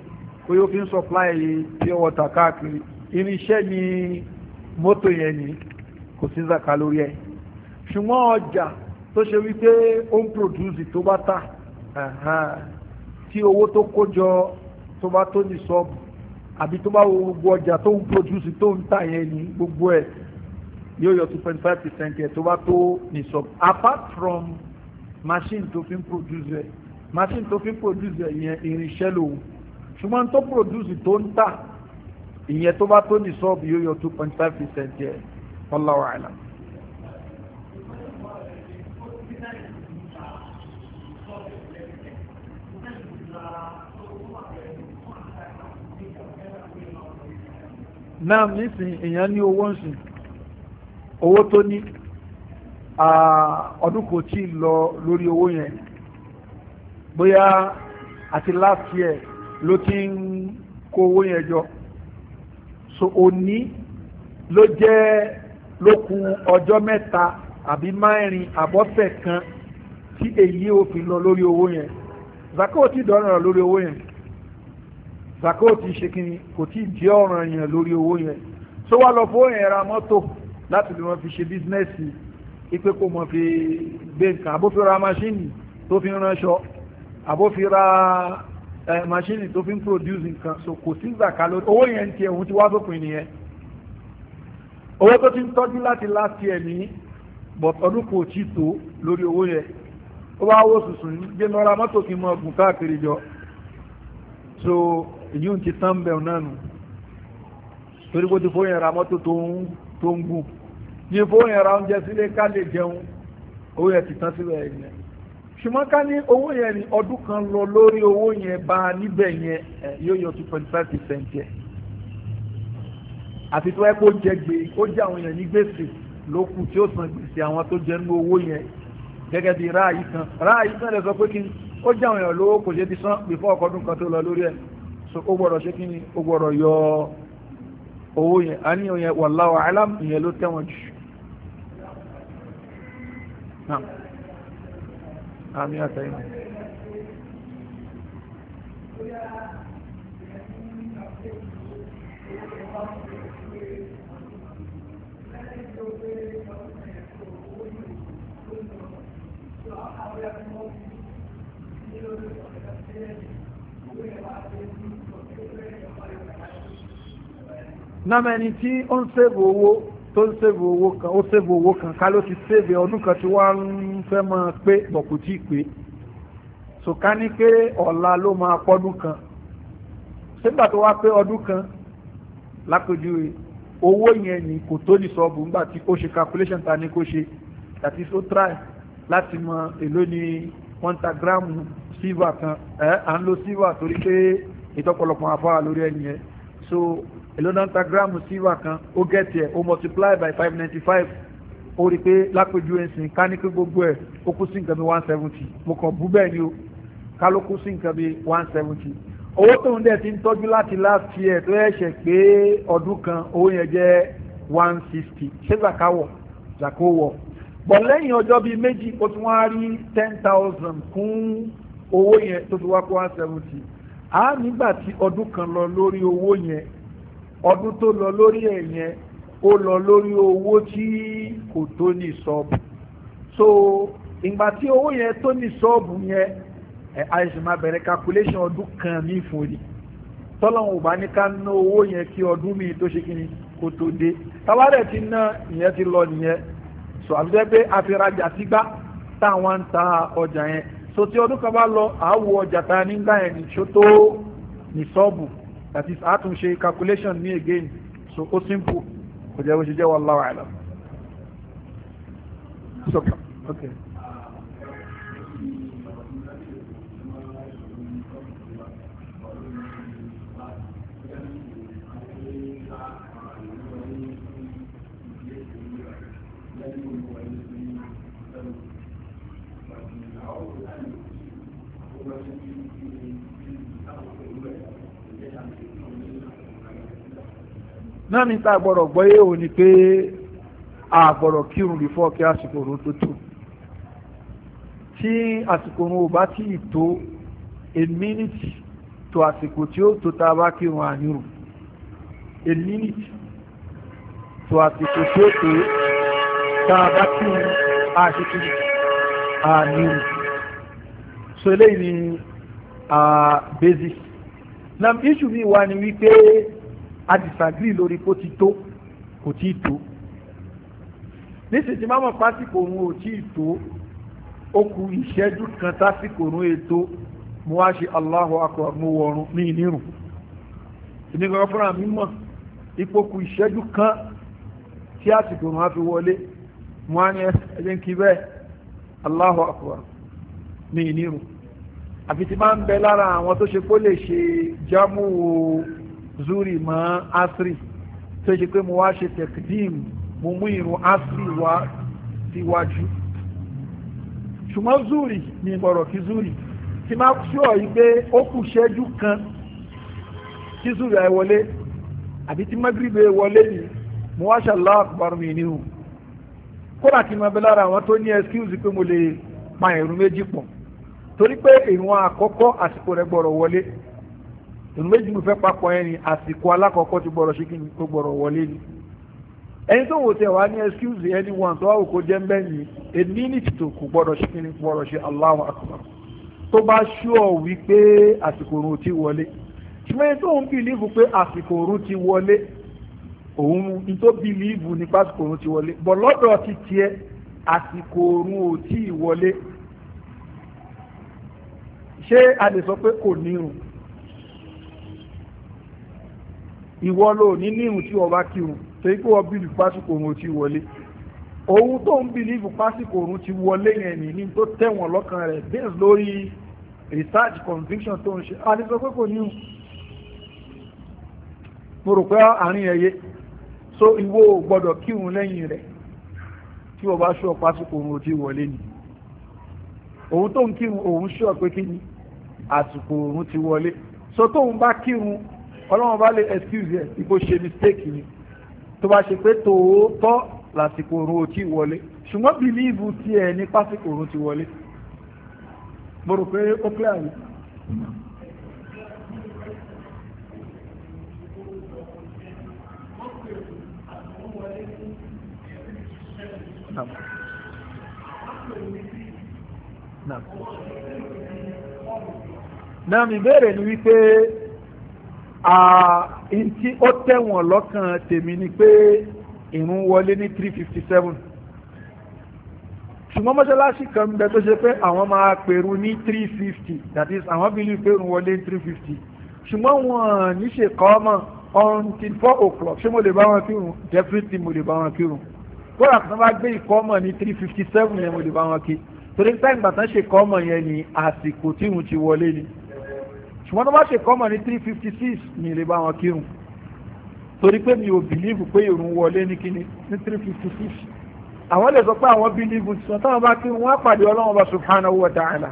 ó yóò fi ń supply pure water káàkiri irinṣẹ́ ni mọ́tò yẹn ni kò sí zaka lórí ẹ̀ ṣùgbọ́n ọjà tó ṣe wípé ó ń produce tó bá tà tí owó tó kó jọ tó bá tó ní sọ́ọ̀bù àbí tó bá wo gbogbo ọjà tó ń produce tó ń tà yẹn ni gbogbo ẹ̀ yóò yọ two point five percent tó bá tó ní sọ́ọ̀bù apart from machine tó fi ń produce machine tó fi ń produce ẹ̀ yẹn irinṣẹ́ lòun ṣùgbọ́n tó produce tó ń tà ìyẹn tó bá tó ní sọ́ọ̀bù yóò yọ two percent yẹ wallahu a'lam. náà nísìn èèyàn ní owó ń sìn owó tó ní ọdún kò tí lọ lórí owó yẹn bóyá àti last year ló ti ń kó owó yẹn jọ so òní ló jẹ́ ló kù ọjọ́ mẹ́ta àbí mẹ́rin àbọ̀sẹ̀ kan tí èyí ò fi lọ lórí owó yẹn zaka ò tí dọ̀ràn rẹ̀ lórí owó yẹn zaka ò tí ṣe kínní kò tí jẹ́ ọ̀ràn yẹn lórí owó yẹn so wá lọ fowó yẹn ra mọ́tò láti lè wọ́n fi ṣe bísínẹ́sì ipe kò mọ̀ fi gbé nǹkan àbófin máṣíìnì tó fi ránṣọ àbófin ra machine tó fi ń produce nǹkan so kò sí zaka lórí owó yẹn ti ẹ̀hún ti wá fòpin nìyẹn owó tó ti ń tọ́jú láti láti ẹ̀ ní but ọdún kò tí tó lórí owó yẹn ó bá wó sùsùn gbé lọ́ra mọ́tò kí n mọ ọgùn káàkiri jọ so èyí ń ti tán bẹ̀rù náà nù torí kó ti fóyìn ẹ̀ra mọ́tò tó ń gùn ní fóyìn ẹ̀ra oúnjẹ sílé ká lè jẹun owó yẹn ti tán síbẹ̀ yẹn ṣùgbọ́n ká ní owó yẹn ní ọdún kan lọ lórí owó yẹn bá a níbẹ̀ yẹn yóò yọ two point five percent yẹ àti tó ẹ kó jẹ gbé ó jẹ àwọn yẹn ní gbèsè ló kù tí ó san gbèsè àwọn tó jẹ nínú owó yẹn gẹ́gẹ́ bí ráàyè kan ráàyè kan lè sọ pé kí ó jẹ àwọn yẹn lówó kò ṣe ti san bífọ́ ọkọ̀ ọdún kan tó lọ lórí ẹ̀ so ó gbọ́dọ̀ ṣe kí ni ó gbọ́dọ̀ yọ owó yẹn a ní yẹn wallahu alam ìyẹn ló tẹ̀wọ̀n jù àmì àtẹ́yìn náà mẹ́ni tí ó ń sẹ́bù owó tó ń sèbù owó kan ó sèbù owó kan ká ló ti sèbù ọdún kan tí wọ́n ń fẹ́ máa pé bọ̀kù tí ì pé so ká ní pé ọ̀la ló máa pọ́dún kan sígbà tó wá pé ọdún kan lápèjúwe owó yẹn ni kò tó ní sọ́ọ̀bù ńgbà tí ó ṣe calculation ta ní kó ṣe àti so try láti mọ èló ni wọ́n gíráàmù silver kan ẹ̀ à ń lo silver torí pé ìtọ́pọ̀lọpọ̀ afárá lórí ẹ̀yìn yẹn so èlò náà ta gíráàmù sílvà kan ó gẹ̀tì ẹ̀ ó multiply by five ninety five ó rí i pé lápẹjù ẹ̀sìn ká ní pé gbogbo ẹ̀ ó kú sí nǹkan bí one seventy mo kàn bú bẹ́ẹ̀ ni o ká kú sí nǹkan bí one seventy owó tóun dẹ̀ ti ń tọ́jú láti last year tó ẹ̀ṣẹ̀ pé ọdún kan owó yẹn jẹ́ one sixty ṣé zakawọ̀ zakowọ̀ bọ̀ lẹ́yìn ọjọ́ bíi méjì ó tún wá rí ten thousand kún owó yẹn tó fi wá kó one seventy àá nígbà tí ọdún kan lọ lórí owó yẹn ọdún tó lọ lórí ẹ̀ ó lọ lórí owó tí kò tó ní sọ́ọ̀bù so ìgbà tí owó yẹn tó ní sọ́ọ̀bù yẹn àìsàn máa bẹ̀rẹ̀ calculation ọdún kan ní ìfòrí tọ́lọ́hún ò bá ní ká ná owó yẹn kí ọdún mi tó ṣe kí kò tó dé ti ná ìyẹn ti lọ nìyẹn so pé ti gbá ọjà yẹn so tí ọdún lọ ọjà ta nígbà yẹn tó ní that is àtúnṣe calculation ní again so ó simple kò jẹ́ bó ṣe jẹ́ wallahu a'lam so okay. Thank you. náà ní tá a gbọ́dọ̀ gbọ́ yé o ni pé a gbọ́dọ̀ kírun lè fọ́ kí àsìkò òun tó tó tí àsìkò òun ò bá tí ì tó a minute tó àsìkò tí ó tó tá bá kírun ànírun a minute tó àsìkò tí ó tó tá bá kírun àsìkò ànírun so eléyìí ni ah, basic na issue mi wà ní wípé a disagree lórí kó ti tó kò tí ì tó nísìsiyìí máa mọ̀ pásìkò òun ò tí ì tó ó ku ìṣẹ́jú kan tásìkò òun ètò mo wá ṣe Allahu akbar mo wọrun ní ìnírùn èmi kankan fúnra mi mọ̀ ipò ku ìṣẹ́jú kan tí àsìkò òun á fi wọlé mo á ní ẹsẹ̀ ń kí bẹ́ẹ̀ Allahu akbar ní ìnírùn àfi tí máa ń bẹ lára àwọn tó ṣe kó lè ṣe jámù o zuri ma asri, tó ṣe pé mo wá ṣe tẹ̀kídìm mo mú irun asiri wá síwájú ṣùgbọ́n zuri ni gbọ́dọ̀ kí zuri ti máa ṣọ́ yìí pé ó kù ṣẹ́jú kan tí zuri ẹ̀ àbí tí magribe wọlé ni mo wá ṣàlá àkùbárùn mi níhùn kódà kí n máa bẹ lára àwọn tó ní excuse pé mo lè pa ìrun méjì pọ̀ torí pé ìrun àkọ́kọ́ àsìkò rẹ̀ gbọ́dọ̀ wọlé ìlú méjì ló fẹ́ papọ̀ yẹn ni àsìkò alákọ̀ọ́kọ́ ti gbọ́dọ̀ ṣe kí ni tó gbọ́dọ̀ wọlé ni ẹni tó wò tẹ̀ wá ní excuse ẹni wọn tó àwọn òkò jẹ́ ń ni a minute tó kò gbọ́dọ̀ ṣe kí ni gbọ́dọ̀ ṣe Allahu Akbar tó bá ṣúọ̀ wípé àsìkò òrùn ti wọlé ṣùgbọ́n ẹni tó ń bìlíìfù pé àsìkò òrùn ti wọlé òun ní tó bìlíìfù ní pásìkò òrùn ti wọlé bọ̀ lọ́dọ̀ ti tiẹ̀ àsìkò òrùn ò tí ì wọlé ṣé a lè sọ pé kò ní irun ìwọ ló ní níhùn tí wọ́n bá kírun tó yí pé wọ́n bílíf pásìkò òun ti wọlé òun tó ń bílíf pásìkò òun ti wọlé yẹn ní ní tó tẹ̀wọ̀n lọ́kàn rẹ̀ based lórí research conviction tó ń ṣe a lè sọ pé kò níhùn mo rò pé àárín ẹ̀yẹ so ìwọ ò gbọ́dọ̀ kírun lẹ́yìn rẹ̀ tí wọ́n bá ṣọ́ pásìkò òun ti wọlé ni òun tó ń kírun òun ṣọ́ pé kí ni àsìkò òun ti wọlé so tóun bá kírun kọ́lọ́wọ́n bá lè excuse ẹ̀ ipò ṣe mistake ni tó bá ṣe pé tòótọ́ lásìkò òrùn ò tí wọlé ṣùgbọ́n bìlíìfù tiẹ̀ ní pásìkò òrùn ti wọlé mo rò pé ó clear ni. Naam. Naam. Naam ìbéèrè ni wípé tí ó tẹ̀wọ̀n lọ́kàn tèmi ni pé ìrún wọlé ní three fifty seven ṣùgbọ́n mọ́ṣáláṣí kan ń bẹ tó ṣe pé àwọn máa pèrú ní three fifty that is àwọn believe pé ìrún wọlé ní three fifty ṣùgbọ́n wọn ní ṣe kọ́ ọmọ until four o'clock ṣé mo lè bá wọn kírun definitely mo lè bá wọn kírun kódà tí wọ́n bá gbé ìkọ́ ọmọ ní three fifty seven yẹn mo lè bá wọn kí torí táìmù bàtà ṣe kọ́ ọmọ yẹn ní àsìkò tí ìrún ti wọlé ni ṣùgbọ́n tó bá ṣe kọ́mọ̀ ní three fifty six mi lè bá wọn kírun torí pé mi ò bìlíìfù pé ìrun wọlé ní kíni ní three fifty six àwọn lè sọ pé àwọn bìlíìfù ṣùgbọ́n táwọn bá kírun wọ́n á pàdé ọlọ́wọ́n bá subhanahu wa ta'ala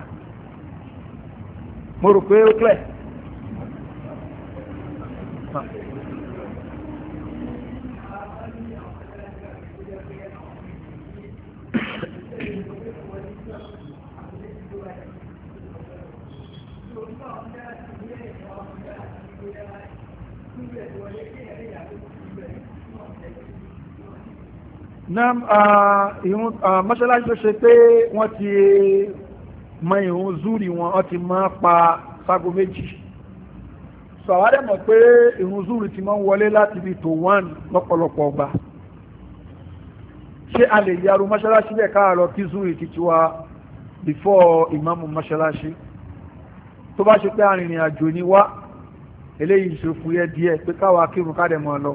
mo rò pé ó clear. nam ah, ìhun ah, mọ́ṣáláṣí tó ṣe pé wọ́n ti mọ ìhun zúrì wọn wọ́n ti mọ́ pa sago méjì sọ àwọn àdẹ́mọ̀ pé ìhun zúrì ti mọ́ wọlé láti ibi tó wọ́n lọ́pọ̀lọpọ̀ ọgbà ṣé a lè yarú mọ́ṣáláṣí bẹ́ẹ̀ káàárọ̀ kí zúrì ti tiwa before ìmáàmù mọ́ṣáláṣí tó bá ṣe pé arìnrìn àjò ni wá eléyìí ṣòfò yẹ díẹ̀ pé káwa kírun káàdẹ̀ mọ́ lọ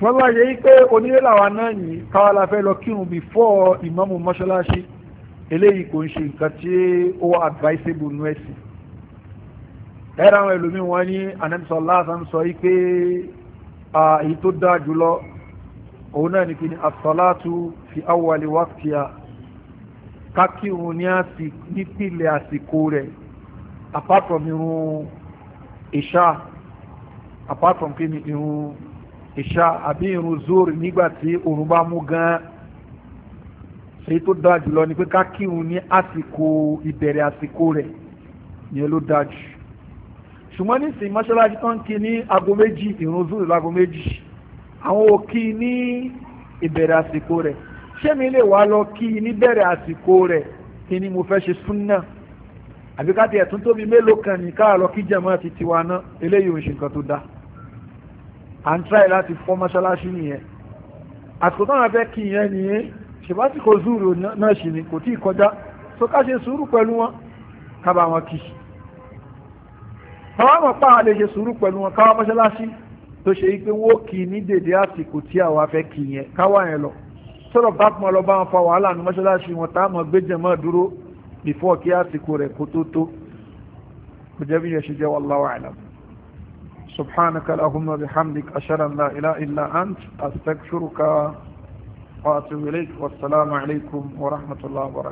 wọ́n bá yẹ wípé onílé làwa náà yìí káwa la fẹ́ lọ kírun before ìmáàmù mọ́ṣáláṣí eléyìí kò ń ṣe nǹkan tí ó wà advisable nú ẹ̀sìn ẹ̀rọ àwọn ẹlòmíín wọn ní anamsọ láàtàn sọ wípé èyí tó dáa jùlọ òun náà ní kí ni asọ́látù fi awwali waqtiha ká kírun ní nípìnlẹ̀ àsìkò rẹ̀ apart from irun ìṣá apart from kí ni irun ìṣá àbí irun zoro nígbà tí bá mú gan ṣe tó dáa jùlọ ni pé ká kírun ní àsìkò ìbẹ̀rẹ̀ àsìkò rẹ̀ yẹn ló dáa jù ṣùgbọ́n nísìnyí mọ́ṣáláṣí tó ń kí ní aago méjì irun zoro láago méjì àwọn ò kí ní ìbẹ̀rẹ̀ àsìkò rẹ̀ ṣé mi lè wá lọ kí ní bẹ̀rẹ̀ àsìkò rẹ̀ kí ni mo fẹ́ ṣe súnà àbí ká tiẹ̀ tún tóbi mélòó kan ní ká lọ kí jẹ̀mọ́ ti tiwa ná eléyìí òun ṣe nǹkan tó dá à ń tíráì láti fọ́ mọ́ṣáláṣí nìyẹn àsìkò táwọn afẹ́ kí yẹn nìyẹn ṣèbásìkò zúrù náà ṣì ní kò tí ì kọjá so ká ṣe sùúrù pẹ̀lú wọn ká bá wọn kì í àwọn àpá àlè ṣe sùúrù pẹ̀lú wọn káwá mọ́ṣáláṣí tó ṣe wípé wọ́n kì í ní dèdè àsìkò tí àwa fẹ́ kì í yẹn káwá yẹn lọ sọ̀rọ̀ bá pọn lọ bá wọn fa wàhálà ní mọ́ṣáláṣí wọn tá gbé jẹ̀mọ́ dúró before kí àsìkò rẹ̀ kó tó tó kò jẹ́ bí yẹn ṣe jẹ́ wallahu a'lam subhanaka allahumma bihamdik ashhadu an illa ant astaghfiruka wa atubu ilayk wa rahmatullahi wa barakatuh